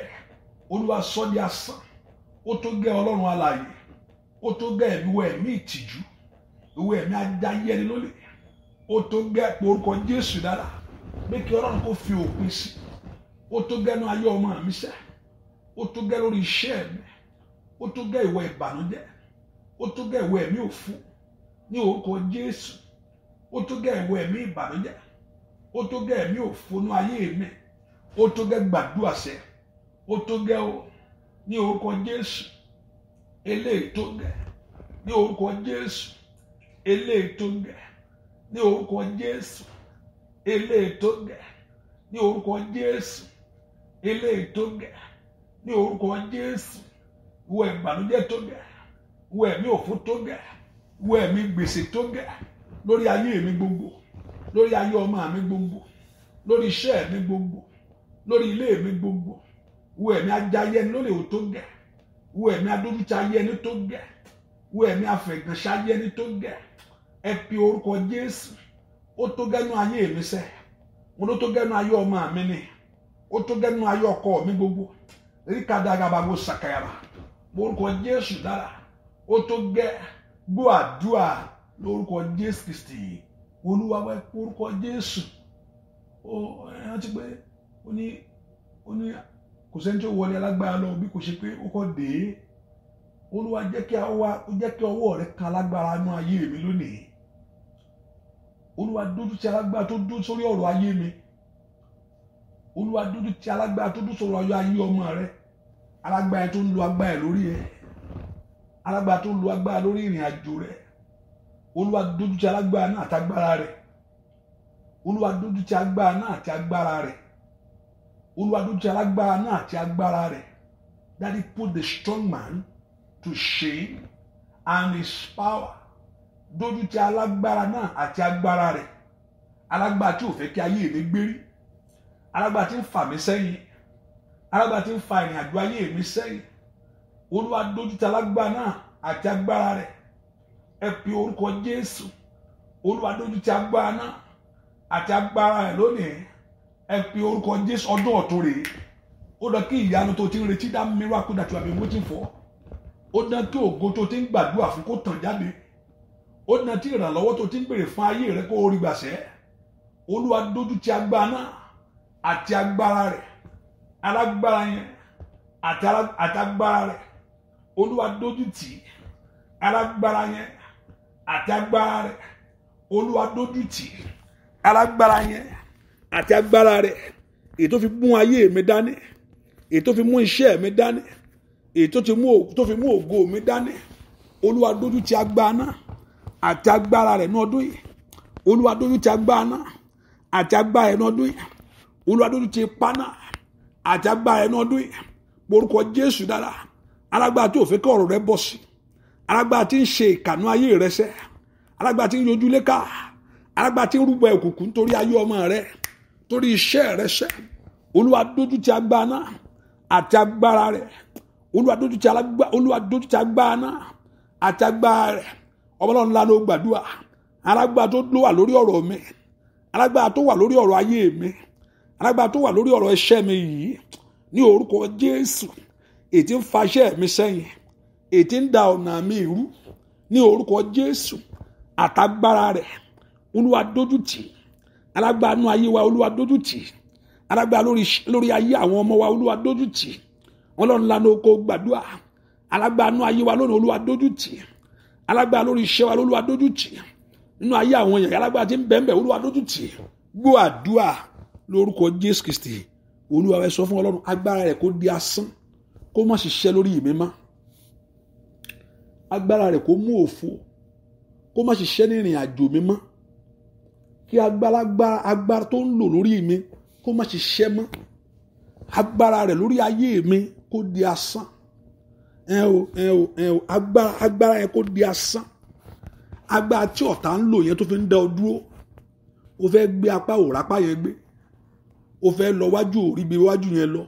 Olúwa sọ di asán ó tó gẹ́ Ọlọ́run alààyè ó tó gẹ́ ẹ̀mí wo ẹ̀mí ìtìjú ìwo ẹ̀mí ajá yẹni lólè ó tó gẹ́ orúkọ Jésù dára bí kí ọlọ́run kò fi òpin sí ó tó gẹ́nu ayé ọmọ mi sẹ́ ó tó gẹ́ lórí iṣẹ́ mi ó tó gẹ́ ìwọ ìbànújẹ́ ó tó gẹ́ ìwọ ẹ̀mí òfu ní orúkọ Jésù ó tó gẹ́ ìwọ ẹ̀mí ìbànújẹ́ ó tó gẹ́ ẹ̀mí òfu ní ayé mi ó tó gẹ́ gbàdúrà sẹ́ ó tó gẹ́ o ní orúkọ Jésù eléyìí tó gẹ́ ní orúkọ Jésù eléyìí tó gẹ́ ní orúkọ Jésù eléyìí tó gẹ̀ ní orúkọ Jésù eléyìí tó gẹ̀ ní orúkọ Jésù wọ ìbànújẹ́ tó gẹ̀ wọ ẹ̀mí òfò tó gẹ̀ wọ ẹ̀mí gbèsè tó gẹ̀ lórí ayé mi gbogbo lórí ayé ọmọ mi gbogbo lórí iṣẹ́ mi gbogbo lórí ilé mi gbogbo wọ ẹ̀mí ajayẹ lórí òwò tó gẹ̀ wọ ẹ̀mí adójútayẹ ní tó gẹ̀ wọ ẹ̀mí afẹ̀gànṣayẹ ní tó gẹ̀ ẹ pe orúkọ Jésù ó tó gẹ́nu ayé mi sẹ́ mo ló tó gẹ́nu ayé ọmọ mi ni ó tó gẹ́nu ayé ọkọ mi gbogbo ríkàdá agabago sàkàyàrà orúkọ Jésù dára ó tó gẹ́ gbọ́ àdúrà lórúkọ Jésù Kristi Olúwa wẹ́ orúkọ Jésù ó rántí pé ó ní ó ní kò sẹ́ni tó wọlé alágbára lọ bí kò ṣe pé ó kọ́ dé Olúwa jẹ́ kí ọwọ́ rẹ kan alágbára nú ayé mi lónìí olúwa dúdú ti alágbára tó dúró sórí ọ̀rọ̀ ayé mi olúwa dúdú ti alágbára tó dúró sórí ọ̀rọ̀ ayé ọmọ rẹ alágbára tó ń lo agbára lórí ẹ alágbára tó ń lo agbára lórí ìrìn àjò rẹ olúwa dúdú ti alágbára náà àti agbára rẹ olúwa dúdú ti agbára náà àti agbára rẹ olúwa dúdú ti alágbára náà àti agbára rẹ Daddy put the strong man to shame and his power dójú ti alágbára náà àti agbára rẹ̀ alágbára tí ò fẹ́ kí ayé mi gbérí alágbára tí ń fà mí sẹ́yìn alágbára tí ń fa ìrìn àjò ayé mi sẹ́yìn olúwa dójú ti alágbára náà àti agbára rẹ̀ ẹ pe orúkọ jésù olúwa dójú ti agbára náà àti agbára rẹ̀ lónìí ẹ pe orúkọ jésù ọdún ọ̀tun rèé ó dán kí ìyanu tó ti ń retí dá mìíràn kó dàtí wàá bẹ wọ́n ti fọ́ ó dán kí ògo tó ti ń gbàdúrà fún kó tàn jáde ó na tí ìrànlọ́wọ́ tó ti ń béèrè fún ayé rẹ kó o rí gbàṣẹ́ olúwa dojú ti agbára náà àti agbára rẹ alágbára yẹn àtagbára rẹ olúwa dojú tì í alágbára yẹn àti agbára rẹ olúwa dojú tì í alágbára yẹn àti agbára rẹ èyí tó fi mú ayé mi dání èyí tó fi mú iṣẹ́ mi dání èyí tó fi mú ògo mi dání olúwa dojú tì agbára náà àti agbára rẹ̀ ní ọdún yìí olúwa dójú ti agbára náà àti agbára rẹ̀ ní ọdún yìí olúwa dójú ti ipá náà àti agbára rẹ̀ ní ọdún yìí orúkọ jésù dára alágbára tí òfin kọ ọ̀rọ̀ rẹ̀ bọ̀ sí alágbára tí ń ṣe ìkànnú ayé rẹ̀ sẹ́ alágbára tí ń yọjú léka alágbára tí ń rúbọ ẹ̀kùnkùn nítorí ayé ọmọ rẹ̀ torí iṣẹ́ rẹ̀ sẹ́ olúwa ti agbára náà àti agbára rẹ̀ olúwa ti agbára náà àti agbára rẹ̀ ọmọlọ́run ńlá ló gbàdúrà alágbára tó ló wà lórí ọ̀rọ̀ mi alágbára tó wà lórí ọ̀rọ̀ ayé mi alágbára tó wà lórí ọ̀rọ̀ iṣẹ́ mi yìí ní orúkọ Jésù ètí ń faṣẹ́ mi sẹ́yìn ètí ń da ọ̀nà mi rú ní orúkọ Jésù àtagbára rẹ̀ olúwa dójútì alágbára nú ayé wa olúwa dójútì alágbára lórí ayé àwọn ọmọ wa olúwa dójútì ọlọ́run lánàá oko gbàdúrà alágbára nú ayé wa lónìí olúwa dójútì alágbára lórí iṣẹ́ wa lólúwa dójú tì nínú ayé àwọn èèyàn alágbára tí ń bẹ̀ẹ̀bẹ̀ olúwa dójú tì gbọ́ àdúrà lórúkọ jésù kristi olúwa ẹ sọ fún ọlọ́run agbára rẹ̀ kó di asán kó má ṣiṣẹ́ lórí mi mọ́ agbára rẹ̀ kó mú òfo kó má ṣiṣẹ́ ní ìrìn àjò mi mọ́ kí agbára agbára tó ń lò lórí mi kó má ṣiṣẹ́ mọ́ agbára rẹ̀ lórí ayé mi kó di asán ẹ o ẹ o ẹ o agbára agbára yẹn kó di asán agbára tí ọ̀tá ń lò yẹn tó fi ń dá ọ dúró o fẹ́ gbé apá òràpá yẹn gbé o fẹ́ lọ wájú òríbi wájú yẹn lọ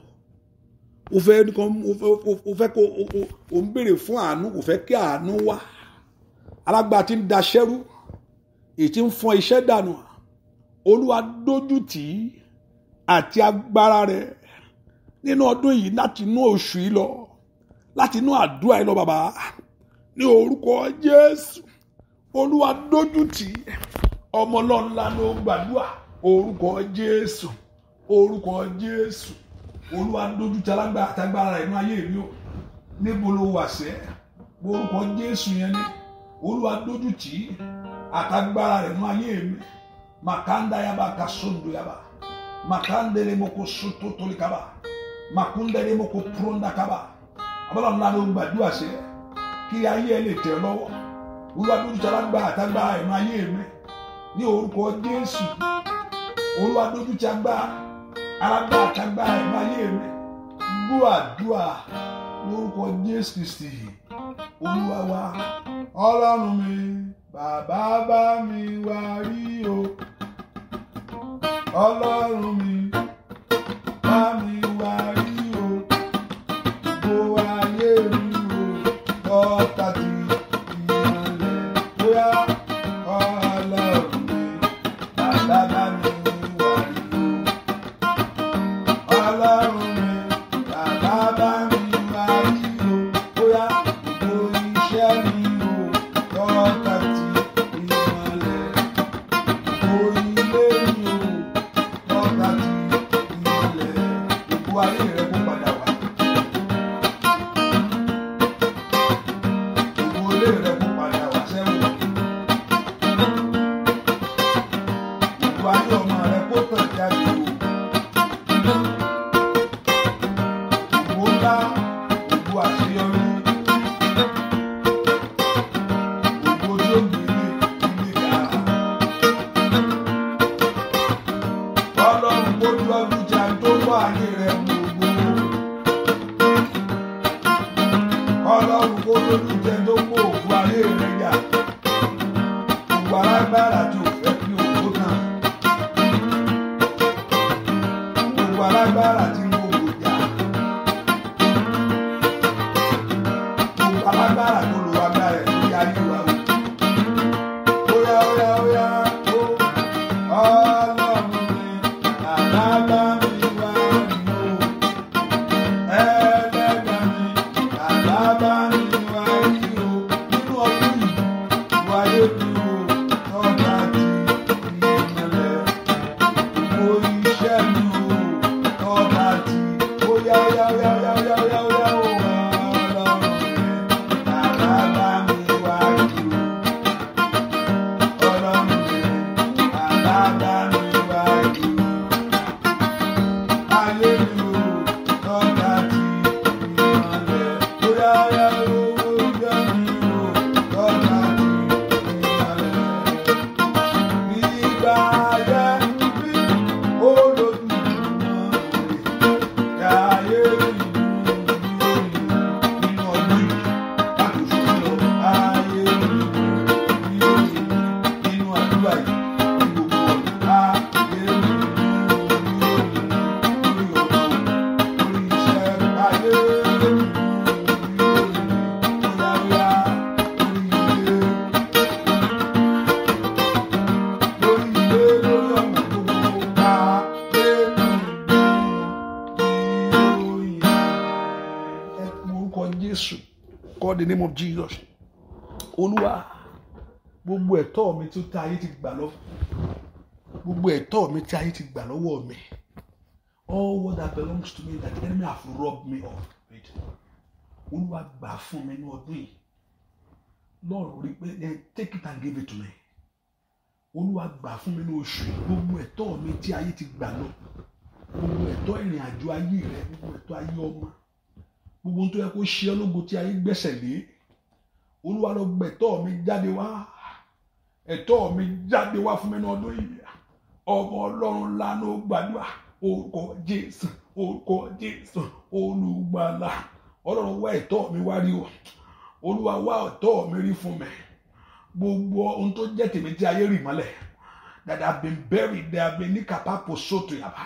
o fẹ́ nìkan o fẹ́ kó o ń béèrè fún àánú o fẹ́ kí àánú wá alágbára tí ń daṣẹ́rú èyí tí ń fọn iṣẹ́ dànù olúwa dójú tì í àti agbára rẹ̀ nínú ọdún yìí láti inú oṣù yìí lọ láti inú àdúrà yìí lọ bàbá ní orúkọ jésù olúwa dójútì ọmọ ọlọ́ọ̀lá ní o gbàdúà orúkọ jésù orúkọ jésù olúwa dójútì alágbára àtàgbára inú ayé mi o níbo ló wà sẹ́ orúkọ jésù yẹn ni olúwa dójútì àtàgbára inú ayé mi màkàndá yaba kasondo yaba màkàndé lè mọ kó sotó tóli kaba màkúndé lè mọ kó púrọ́ndá kaba. ọlọ́run ńlá ló ń gbàdúrà ṣe kí ayé ẹ lè tẹ̀ lọ́wọ́ olúwa dúró alágbá àtàgbà ẹ̀nu ayé mi ní orúkọ jésù olúwa dúró agbá alágbá àtàgbà ẹ̀nu ayé mi gbọ́ lórúkọ jésù kristi olúwa wa ọlọ́run mi bàbá bá mi wá rí o ọlọ́run mi bá mi. tó tá ayé ti gbà lọ gbogbo ẹ̀tọ́ mi tí ayé ti gbà lọ́wọ́ mi all what that belongs to me that the enemy have robbed me of it olúwa gbà fún mi ní ọdún yìí lọ́ọ̀rù rí pé then take it and give it to me olúwa gbà fún mi ní oṣù yìí gbogbo ẹ̀tọ́ mi tí ayé ti gbà lọ gbogbo ẹ̀tọ́ ìrìn àjò ayé rẹ gbogbo ẹ̀tọ́ ayé ọmọ gbogbo ohun tó yẹ kó ṣe ológo tí ayé gbẹ́sẹ̀ lé olúwa lọ gbẹ̀tọ́ mi jáde wá ẹ̀tọ́ mi jáde wá fún mi ní ọdún yìí ọmọ ọlọ́run lánà ó gbàdúrà orúkọ jésù orúkọ jésù olùgbàlà ọlọ́run wá ẹ̀tọ́ mi wá rí o olúwa wá ẹ̀tọ́ mi rí fún mi gbogbo ohun tó jẹ́ tèmi tí ayé rì mọ́lẹ̀ that have been buried they have been ní kàpápò sóòtò yàrá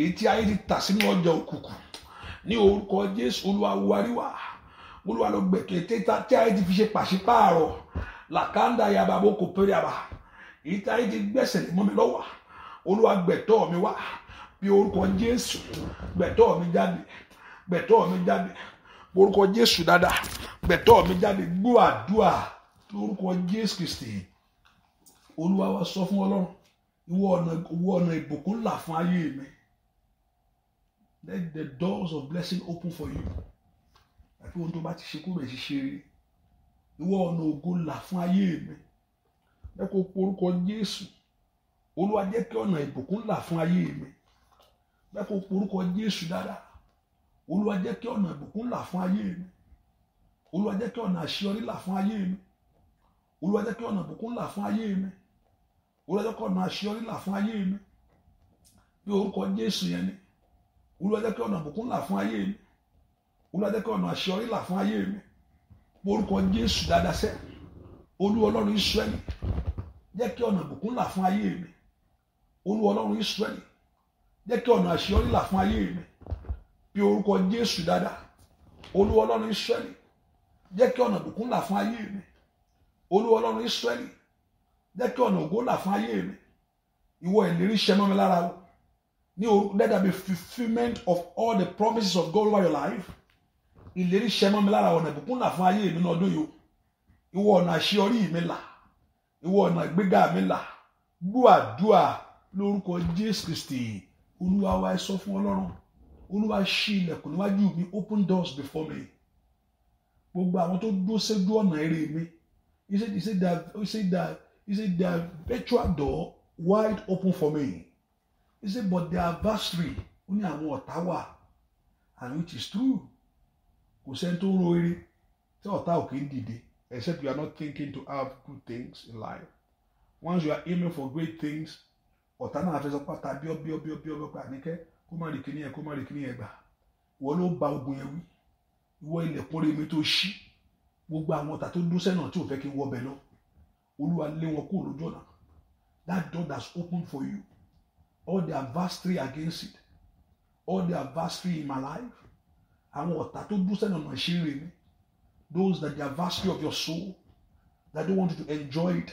èyí tí ayé ti tà sínú ọjà òkùnkùn ní orúkọ jésù olúwa wá rí wa olúwa ló gbẹ̀tọ̀ ètè tí ayé ti fi ṣe pàṣípààrọ̀ làkàndà yaba bó kò péré àbá ìta yìí ti gbẹ̀sẹ̀ lé mọ́ mi lọ́wọ́ olúwa gbẹ̀tọ́ mi wá bí orúkọ jésù gbẹ̀tọ́ mi jáde gbẹ̀tọ́ mi jáde orúkọ jésù dáadáa gbẹ̀tọ́ mi jáde gbọ́ àdúà orúkọ jésù kristi olúwa wa sọ fún ọlọ́run ìwọ ọ̀nà ìwọ ọ̀nà ìbùkún là fún ayé mi let the doors of blessing open for you àfi ohun tó bá ti ṣe kúrò ẹ̀ ṣiṣẹ́ rí ìwọ ọ̀nà ògo là fún ayé mi ẹ kò porúkọ Jésù Olúwa jẹ́ kí ọ̀nà ìbùkún là fún ayé mi ẹ kò porúkọ Jésù dáadáa Olúwa jẹ́ kí ọ̀nà ìbùkún là fún ayé mi Olúwa jẹ́ kí ọ̀nà àṣeyọrí là fún ayé mi Olúwa jẹ́ kí ọ̀nà ìbùkún là fún ayé mi Olúwa jẹ́ kí ọ̀nà àṣeyọrí là fún ayé mi bí orúkọ Jésù yẹn ni Olúwa jẹ́ kí ọ̀nà ìbùkún là fún ayé mi Olúwa jẹ́ kí ọ̀nà àṣeyọrí là fún ayé mi orúkọ jésù dáadáa sẹ́ olúwa ọlọ́run israẹli jẹ́ kí ọ̀nà ìbùkún là fún ayé mi olúwa ọlọ́run israẹli jẹ́ kí ọ̀nà àṣeyọrí là fún ayé mi bí orúkọ jésù dáadáa olúwa ọlọ́run israẹli jẹ́ kí ọ̀nà ìbùkún là fún ayé mi olúwa ọlọ́run israẹli jẹ́ kí ọ̀nà ògo là fún ayé mi ìwọ ìlérí ṣẹ mọ́ mi lára o ní dẹ́dàbí fulfilment of all the promises of God over your life ìlérí ṣẹ mi lára ọ̀nà ìbùkún fún ayé mi ní ọdún yìí ìwọ ọ̀nà àṣeyọrí mi là ìwọ ọ̀nà ìgbéga mi là gbọ́ lórúkọ Jésù Kristi olúwa wa sọ fún ọlọ́run olúwa ṣí ilẹ̀kùn níwájú mi open doors before me gbogbo àwọn tó dúró sẹ́jú ọ̀nà eré mi he said he said that he said that virtual door wide open for me he said but their adversary ó ní àwọn ọ̀tá wà and which is true kò sẹ́ni tó ro eré tí ọ̀tá ò kì í dìde except you are not thinking to have good things in life once you are aiming for great things ọ̀tá náà fẹ́ sọ pátá bíọ́ bíọ́ bíọ́ bíọ́ bíọ́ pàní kẹ́ kó má rí kíní yẹn kó má rí kíní yẹn gbà wọ́n ló ba ogun yẹn wí ìwọ ilẹ̀kùn rèmi tó ṣí gbogbo àwọn ọ̀tá tó dún sẹ́nà tí ò fẹ́ kí n wọ bẹ̀ lọ olúwa lé wọn kúrò lójú ọ̀nà that door that's open for you all the adversary against it all the adversary in my life àwọn ọ̀tá tó dúró sẹ́nu ọ̀nà ìṣeré mi those that they are vastly of your soul that don't want you to enjoy it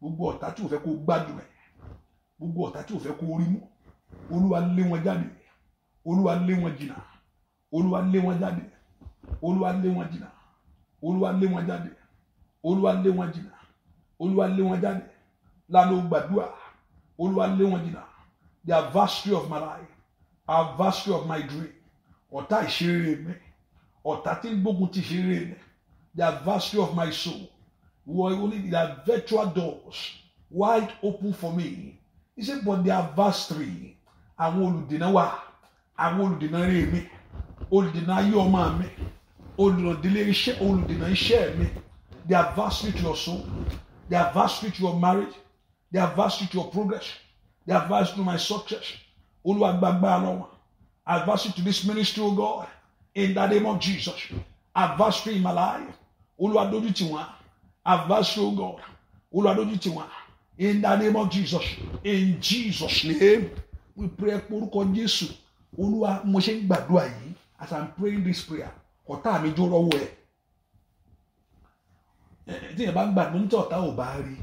gbogbo ọ̀tá tí ò fẹ́ kó gbádùn ẹ̀ gbogbo ọ̀tá tí ò fẹ́ kó rí mú olúwa lé wọn jáde olúwa lé wọn jìnnà olúwa lé wọn jáde olúwa lé wọn jìnnà olúwa lé wọn jáde olúwa lé wọn jìnnà olúwa lé wọn jáde lánàá ó olúwa lé wọn jìnnà the adversary of my life adversary of my dream ọ̀tá ìṣeré mi ọ̀tá tí ń gbógun ti ìṣeré mi the adversary of my soul wọ only the virtual doors wide open for me he said but the adversary àwọn olùdènà wà àwọn olùdènà rè mi olùdènà ayé ọmọ mi olùdènà iṣẹ́ olùdènà iṣẹ́ mi the adversary to your soul the adversary to your marriage the adversary to your progress the adversary to my success olùwàgbàgbà lọ́wọ́ Adversity to this ministry, oh God, in the name of Jesus. Adversity in my life. Olúwa dójú tì wọ́n. Adversity, oh God. Olúwa dójú In the name of Jesus. In Jesus' name. We pray for Jésù. Olúwa mo ṣe ń gbàdúrà as I'm praying this prayer. Ọ̀tá mi jó rọ́wọ́ ẹ̀. Tí ìyẹn bá ń gbàdúrà ní tí ọ̀tá ò bá rí.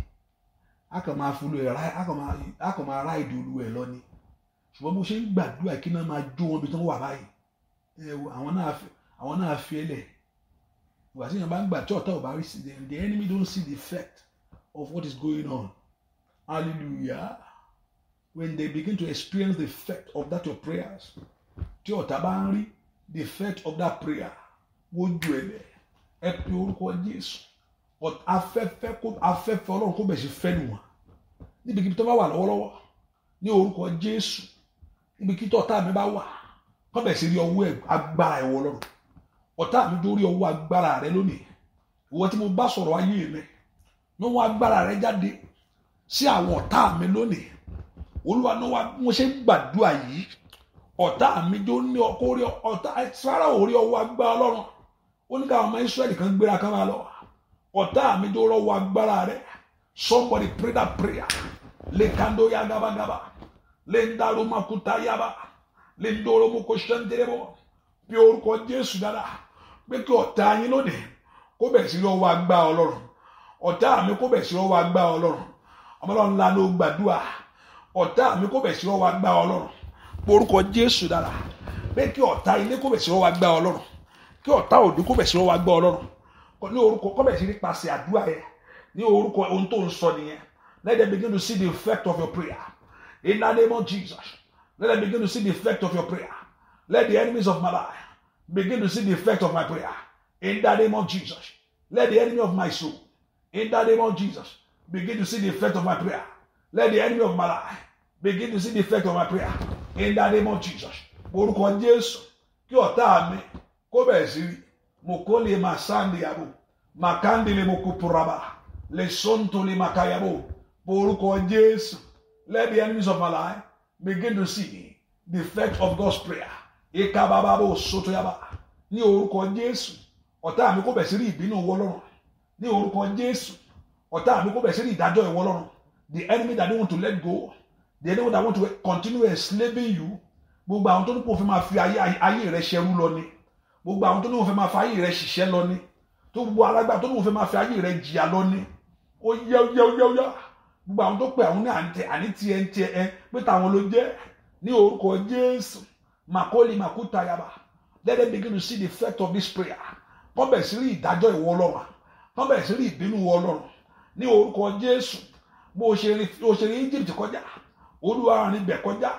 A kàn máa fún lu ẹ̀ a kàn máa ra olú ẹ̀ lọ ni ṣùgbọ́n bó ṣe ń gbàdúrà kí náà máa jó wọn bí tán wà báyìí àwọn náà fi ẹlẹ̀ ìgbà tí èèyàn bá ń gbà tí ọ̀tá ò bá rí sí them the enemy don't see the effect of what is going on hallelujah when they begin to experience the effect of that your prayers tí ọ̀tá bá ń rí the effect of that prayer wọ́n ju ẹlẹ̀ ẹ pe orúkọ Jésù afẹ́fẹ́ afẹ́fẹ́ Ọlọ́run kó bẹ̀ sí fẹ́ nù wọ́n níbi kíbi tó bá wà lọ́wọ́lọ́wọ́ ní orúkọ Jésù níbi kí tọ́ta mi bá wà kọ́ bẹ̀ sí rí ọwọ́ agbára ìwọ lọ́rùn ọ̀tá mi dórí ọwọ́ agbára rẹ lónìí ìwọ tí mo bá sọ̀rọ̀ ayé mi ní wọ́n agbára rẹ jáde sí àwọn ọ̀tá mi lónìí olúwa ní wọ́n mo ṣe ń gbàdúrà yìí ọ̀tá mi jó ní ọkọ rí ọ̀tá sára ò rí ọwọ́ agbára ọlọ́run ó ní káwọn ọmọ Ísírẹ́lì kan gbéra kan máa lọ ọ̀tá mi jó rọ́wọ́ agbára rẹ somebody pray that prayer lè kando ya gabagaba. Gaba lendaru makuta yaba lendoro mo ko sẹ́ńtẹ́rẹ́ bọ̀ bí orúkọ jésù dára pé kí ọ̀tá yín lónìí kó bẹ̀rẹ̀ sí lọ́wọ́ agbá ọlọ́run ọ̀tá mi kó bẹ̀rẹ̀ sí lọ́wọ́ agbá ọlọ́run ọmọlọ́run ńlá ló gbàdúrà ọ̀tá mi kó bẹ̀rẹ̀ sí lọ́wọ́ agbá ọlọ́run pé orúkọ jésù dára pé kí ọ̀tá ilé kó bẹ̀rẹ̀ sí lọ́wọ́ agbá ọlọ́run kí ọ̀tá òdì kó bẹ̀rẹ̀ sí lọ́wọ́ agbá ọlọ́run ní orúkọ kó bẹ̀rẹ̀ sí nípasẹ̀ àdúrà yẹn ní orúkọ ohun tó ń sọ nìyẹn let them begin to see the effect of your prayer In the name of Jesus, let them begin to see the effect of your prayer. Let the enemies of my life begin to see the effect of my prayer. In the name of Jesus, let the enemy of my soul, in the name of Jesus, begin to see the effect of my prayer. Let the enemy of my life begin to see the effect of my prayer. In the name of Jesus, orúkọ Jésù kí ọ̀tá mi kó bẹ̀rẹ̀ sí rí mo kó lè máa sáǹdì màkàndínlẹ̀ mo kó puraba lè sọ́ńtò lè máa ká orúkọ Jésù. Let the enemies of my life begin to see the effect of God's prayer. Ikabababo sotoyaba. Ní orúkọ Jésù, ọ̀tá mi kò bẹ̀ sí rí ìbínú ìwọ Ọlọ́run. Ní orúkọ Jésù, ọ̀tá mi kò bẹ̀ sí rí ìdájọ́ ìwọ Ọlọ́run. The enemy that they want to let go, the enemy that want to continue enslaving you. Gbogbo àwọn tó ní kò fi máa fi ayé rẹ ṣẹrú lọ ni. Gbogbo àwọn tó ní kò fi máa fi ayé rẹ ṣiṣẹ́ lọ ni. Tó gbogbo alágbá tó ní kò fi máa fi ayé rẹ jìyà lọ ni. Ó yá yá yá yá gbogbo àwọn tó pe àwọn ní àní tiẹ̀ ń tiẹ̀ ẹ pé táwọn ló jẹ́ ní orúkọ Jésù màkólì màkúta yaba let them begin to see the effect of this prayer kọ́ bẹ̀ sí rí ìdájọ́ ìwọ Ọlọ́run kọ́ bẹ̀ sí rí ìbínú ìwọ Ọlọ́run ní orúkọ Jésù bó o ṣe rí Egypt kọjá olúwa rìn bẹ̀ kọjá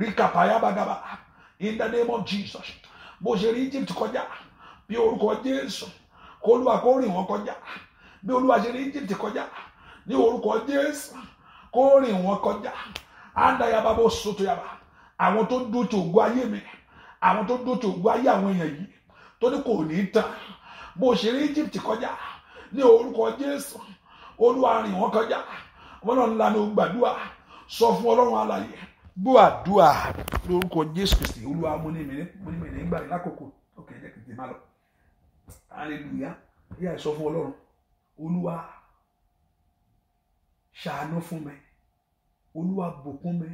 rí kàpáyábàgàbà in the name of Jesus bó o ṣe rí Egypt kọjá bí orúkọ Jésù kó olúwa kó rìn wọn kọjá bí olúwa ṣe rí Egypt kọjá ní orúkọ Jésù kó rìn wọn kọjá àndàyàbá bó soto yàbá àwọn tó dúró tí ògbó ayé mi àwọn tó dúró tí ògbó ayé àwọn èèyàn yìí tó ní kò ní tán bó ṣe rí Egypt kọjá ní orúkọ Jésù Olúwa rìn wọn kọjá wọn náà ńlá ni ó gbàdúrà sọ fún Ọlọ́run alààyè gbọ́ àdúrà lórúkọ Jésù Kristi Olúwa mo ní mèrè ńgbà rẹ̀ lákòókò ókè jẹ́ kìtì má lọ hallelujah yíyá ìsọ fún Ọlọ́run Olúwa ṣàánú fún mi olúwa bùkún mi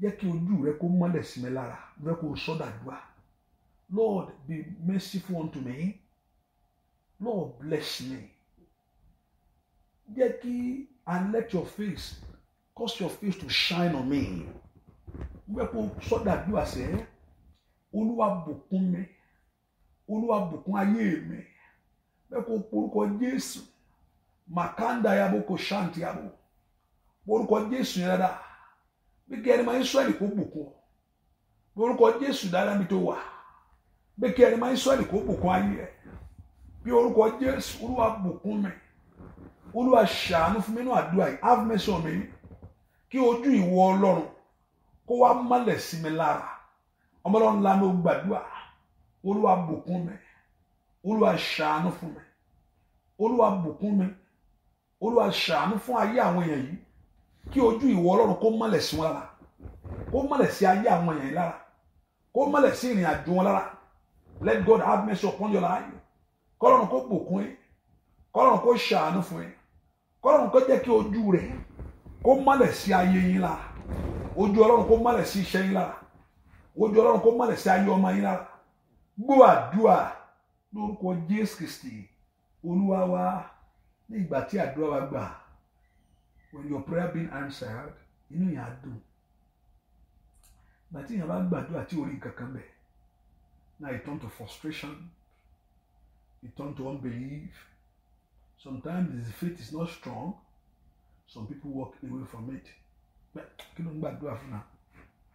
jẹ́ kí ojú rẹ kó mọ́lẹ̀ sí mi lára rẹ kó sọ́dàdúà lord be merciful unto me lord bless me jẹ́ kí and let your face cause your face to shine on me rẹ kó sọ́dàdúà sẹ́ olúwa bùkún mi olúwa bùkún ayé mi rẹ kó porúkọ jésù makanda yabo kò ṣáǹtì yabo orúkọ jésù yẹn dáadáa bí kẹrin máa ń sọ́ọ̀lì kó bùkún orúkọ jésù dáadáa mi tó wà bí kẹrin máa ń sọ́ọ̀lì kó bùkún ayé ẹ bí orúkọ jésù olúwa bùkún mi olúwa ṣàánú fún mi nínú àdúrà yìí have mercy on me kí ojú ìwọ ọlọ́run kó wá mọ́lẹ̀ sí mi lára ọmọlọ́run lanu gbàdúrà olúwa bùkún mi olúwa ṣàánú fún mi olúwa bùkún mi olúwa ṣàánú fún ayé àwọn èèyàn yìí kí ojú ìwọ ọlọ́run kó mọ́lẹ̀ sí wọn lára kó mọ́lẹ̀ sí ayé àwọn èèyàn yìí lára kó mọ́lẹ̀ sí ìrìn àjò wọn lára let God have mercy upon your life kọ́lọ́run kó bùkún yín kọ́lọ́run kó ṣàánú fún yín kọ́lọ́run kó jẹ́ kí ojú rẹ̀ kó mọ́lẹ̀ sí ayé yín lára ojú ọlọ́run kó mọ́lẹ̀ sí iṣẹ́ yín lára ojú ọlọ́run kó mọ́lẹ̀ sí ayé ọmọ yín lára gbọ́ àdúrà lórúkọ Jésù Kristi olúwa wa ní ìgbà tí àdúrà wa gbà when your prayer been answered inú yẹn á dùn ìgbà tí yẹn bá gbàdúrà tí orí nǹkan kan bẹ̀ now it turn to frustration it turn to unbelief sometimes the faith is not strong some people walk away from it pẹ́ kí ló ń gbàdúrà fún wa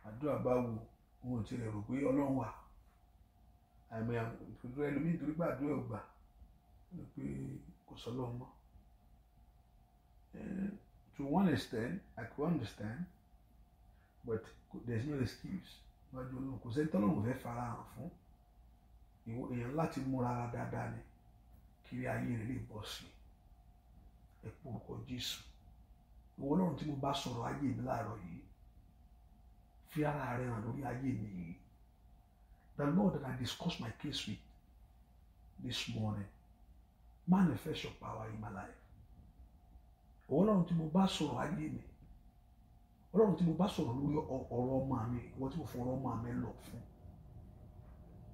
àdúrà bá wo wọn ò tilẹ̀ rò pé ọlọ́run wà àmì ìfòdúrà ẹlòmíì torí gbàdúrà ò gbà pé kò sọ lọ́wọ́ to one extent, I could understand, but there's no excuse. Wájú olóhùn kò sẹ́ni tọ́lọ́hùn fẹ́ fara hàn fún. Ìwọ èèyàn láti múra ara dáadáa ni kiri ayé rẹ̀ lè bọ̀ sí i. Ẹ kú orúkọ Jésù. Ìwọ Ọlọ́run tí mo bá sọ̀rọ̀ ayé mi láàárọ̀ yìí. Fi ara rẹ̀ hàn lórí ayé mi yìí. The Lord that I discussed my case with this morning manifest your power in my life ọlọ́run tí mo bá sọ̀rọ̀ ayé mi ọlọ́run tí mo bá sọ̀rọ̀ lórí ọ̀rọ̀ ọmọ mi ìwọ tí mo fọ̀rọ̀ ọmọ mi lọ fún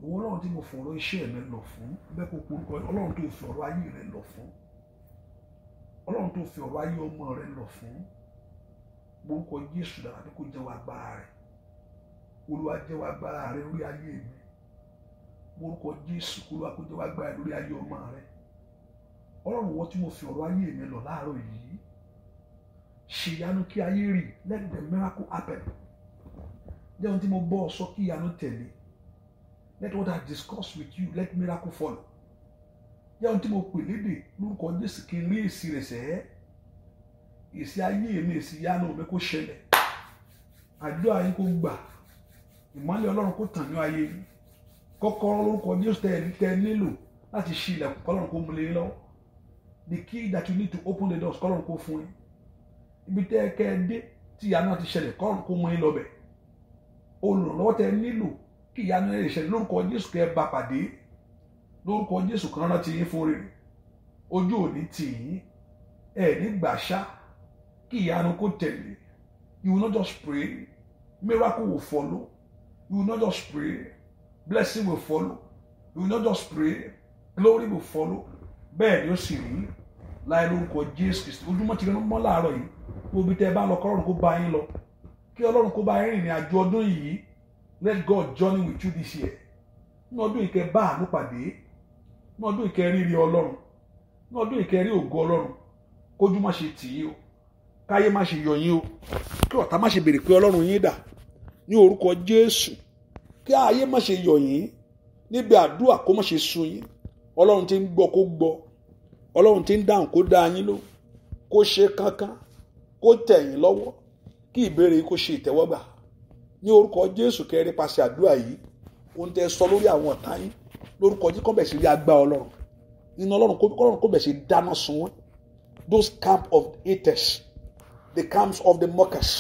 ìwọ ọlọ́run tí mo fọ̀rọ̀ iṣẹ́ mi lọ fún bẹ́ẹ̀ kó porúkọ ọlọ́run tó fi ọ̀rọ̀ ayé rẹ lọ fún ọlọ́run tó fi ọ̀rọ̀ ayé ọmọ rẹ lọ fún porúkọ Jésù dára bí kò jẹ́wọ́ agbára rẹ Olúwa jẹ́wọ́ agbára rẹ lórí ayé mi porúkọ Jésù Olúwa kò jẹ́wọ́ agbára rẹ lórí ayé ọmọ rẹ ọlọ́run wọ́n tí mo fi ọ̀rọ̀ ayé mi lọ láàárọ̀ yìí ṣe ìyanu kí ayé rí let the miracle happen jẹ́ ohun tí mo bọ́ ọ sọ kí ìyanu tẹ̀lé let what I discuss with you let miracle follow jẹ́ ohun tí mo pè lédè lórúkọ Jésù kí n rí èsì rẹ̀ sẹ́ẹ́ èsì ayé mi èsì ìyanu mi kó ṣẹlẹ̀ àdúrà yín kó gbà ìmọ́lẹ̀ Ọlọ́run kó tàn ní ayé kọ́kọ́rọ́ lórúkọ Jésù tẹ̀ tẹ̀ nílò láti ṣí ilẹ̀kùn kọ́lọ́run kó múlẹ̀ lọ́wọ́ the key that you need to open the doors kọ́lọ́run kó fún yín ibi tẹ́ ẹ kẹ́ ẹ dé tí ìyanu náà ti ṣẹlẹ̀ kọ́run kó mú yín lọ bẹ̀ olùrànlọ́wọ́ tẹ́ nílò kí ìyanu náà lè ṣẹlẹ̀ lórúkọ Jésù kẹ́ ẹ bá pàdé lórúkọ Jésù kan rántí yín fún rere ojú òní tì yín ẹ nígbà ṣá kí ìyanu kó tẹ̀lé you will not just pray miracle will follow you will not just pray blessing will follow you will not just pray glory will follow bẹ́ẹ̀ ni ó sì rí láì lórúkọ Jésù Kristi ojúmọ́ ti rán mọ́ láàárọ̀ yìí gbogbo tẹ́ ẹ bá lọ kọ́rọ̀rùn kó bá yín lọ kí Ọlọ́run kó bá yín rìnrìn àjò ọdún yìí let God journey with you this year ní ọdún ìkẹ́ bá àánú pàdé ní ọdún ìkẹ́ rírí Ọlọ́run ní ọdún ìkẹ́ rí ògo Ọlọ́run kójú má ṣe tì í o káyé má ṣe yọ yín o kí ọ̀tá má ṣe béèrè pé Ọlọ́run yín dà ní orúkọ Jésù kí ayé má ṣe yọ yín níbi àdúrà kó má ṣe sun yín Ọlọ́run ti ń gbọ́ kó gbọ́ ọlọ́run ti ń dáhùn kó dá yín ló kó ṣe kankan kó tẹ̀ yín lọ́wọ́ kí ìbéèrè yìí kó ṣe ìtẹ́wọ́gbà ní orúkọ jésù kẹrin paṣẹ àdúrà yìí ohun tẹ sọ lórí àwọn ọ̀tá yín lórúkọ jí kọ́ bẹ̀ sí rí agbá ọlọ́run iná ọlọ́run kó bẹ̀ sí dáná sun wọn those camp of haters the camps of the mockers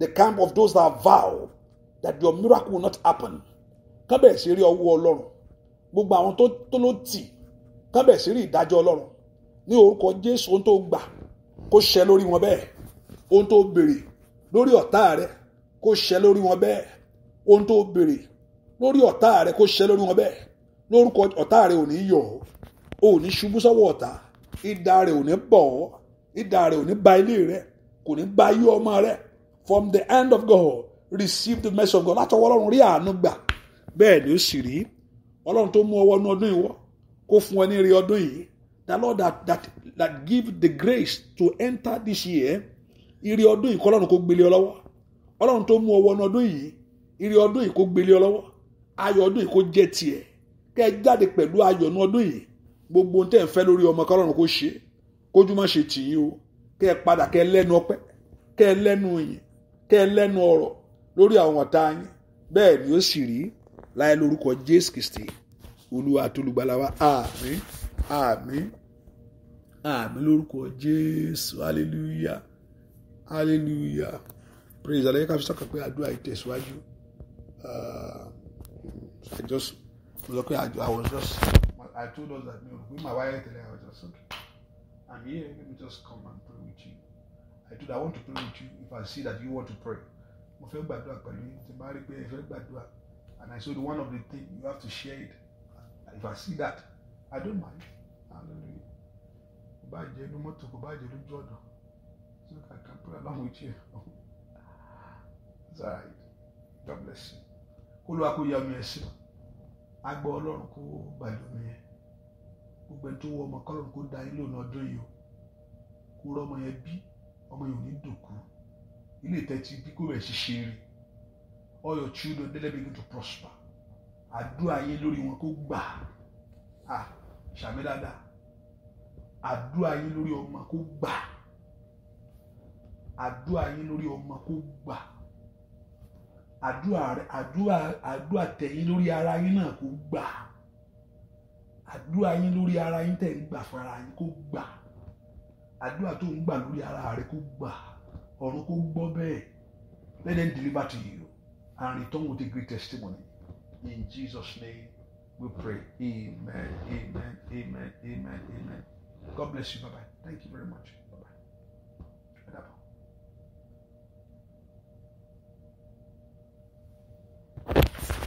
the camp of those that vow that your miracle will not happen kábẹ̀rẹ̀ sí rí ọwọ́ ọlọ́run gbogbo àwọn tó ló tì í kán bẹ̀ sí rí ìdájọ́ ọlọ́run ní orúkọ jésù ohun tó gbà kó ṣẹ lórí wọn bẹ́ẹ̀ ohun tó béèrè lórí ọ̀tá rẹ kó ṣẹ lórí wọn bẹ́ẹ̀ ohun tó béèrè lórí ọ̀tá rẹ kó ṣẹ lórí wọn bẹ́ẹ̀ lórúkọ ọ̀tá rẹ ò ní yọ̀ ò ní ṣubú sọ́wọ́ ọ̀tá idà rẹ ò ní bọ̀ ọ́ idà rẹ ò ní ba ilé rẹ kò ní ba ayé ọmọ rẹ from the end of God receive the message of God látọwọ́ ọlọ́run rí àánú gbà bẹ́ẹ̀ ni ó sì rí ọlọ́run tó mú ọwọ́ inú ọdún ìwọ́ kó fún ẹ ní rí ọdún yìí that lord that that that give the grace to enter this year ìrì ọdún yìí kọ́lọ́run kó gbélé ọ lọ́wọ́ ọlọ́run tó mú ọwọ́ ọdún yìí ìrì ọdún yìí kó gbélé ọ lọ́wọ́ ayọ̀ ọdún yìí kó jẹ́ tiẹ̀ kẹ́ ẹ jáde pẹ̀lú ayọ̀ ní ọdún yìí gbogbo tẹ́ ẹ fẹ́ lórí ọmọ kọ́lọ́run kó ṣe kójú má ṣe tì yín o kẹ́ ẹ padà kẹ́ ẹ lẹ́nu ọpẹ́ kẹ́ ẹ lẹ́nu yìn kẹ́ ẹ lẹ́nu ọ̀rọ̀ lórí àwọn ọ̀tá yín bẹ́ẹ̀ ni ó sì rí láì lórúkọ Jésù Kristi olúwa àti olùgbàlà lórúkọ jésù hallelujah hallelujah praise the lord pé àdúrà ìtẹ̀síwájú uh, I just lọ pé àjọ I was just I told us that mi ò gbé màá I was just okay I'm here let me just come and pray with you I do I want to pray with you if I see that you want to pray mo fẹ́ gbàdúrà pẹ̀lú yín tí n bá rí pé ẹ fẹ́ gbàdúrà and I said one of the things you have to share it if I see that I don't mind hallelujah kò bá jẹ inú mọ́tò kò bá jẹ lójú ọ̀nà so I can pray along with you it's alright God bless you kó ló wá kó yá mi ẹ̀ sí agbọ́ ọlọ́run kó gbàdúrà mi yẹn gbogbo ẹni tó wọ ọmọ kọ́lọ́run da ilé òun ọdún yìí o kó rọ́ ọmọ yẹn bí ọmọ yẹn ò ní dòkú ilé ìtẹ́tí bí kò rẹ̀ all your children they dey begin to prosper àdúrà yín lórí wọn kó gbà á ṣàmì dáadáa àdúrà yín lórí ọmọ kó gbà àdúrà yín lórí ọmọ kó gbà àdúrà àdúrà àdúrà tẹ̀yìn lórí ara yín náà kó gbà àdúrà yín lórí ara yín tẹ̀ ń gbà fún yín kó gbà àdúrà tó ń gbà lórí ara rẹ kó gbà ọ̀run kó gbọ́ bẹ́ẹ̀ let them deliver to you and return with a great testimony. In Jesus' name we pray. Amen. Amen. Amen. Amen. Amen. God bless you. Bye bye. Thank you very much. Bye bye. Bye Thank you.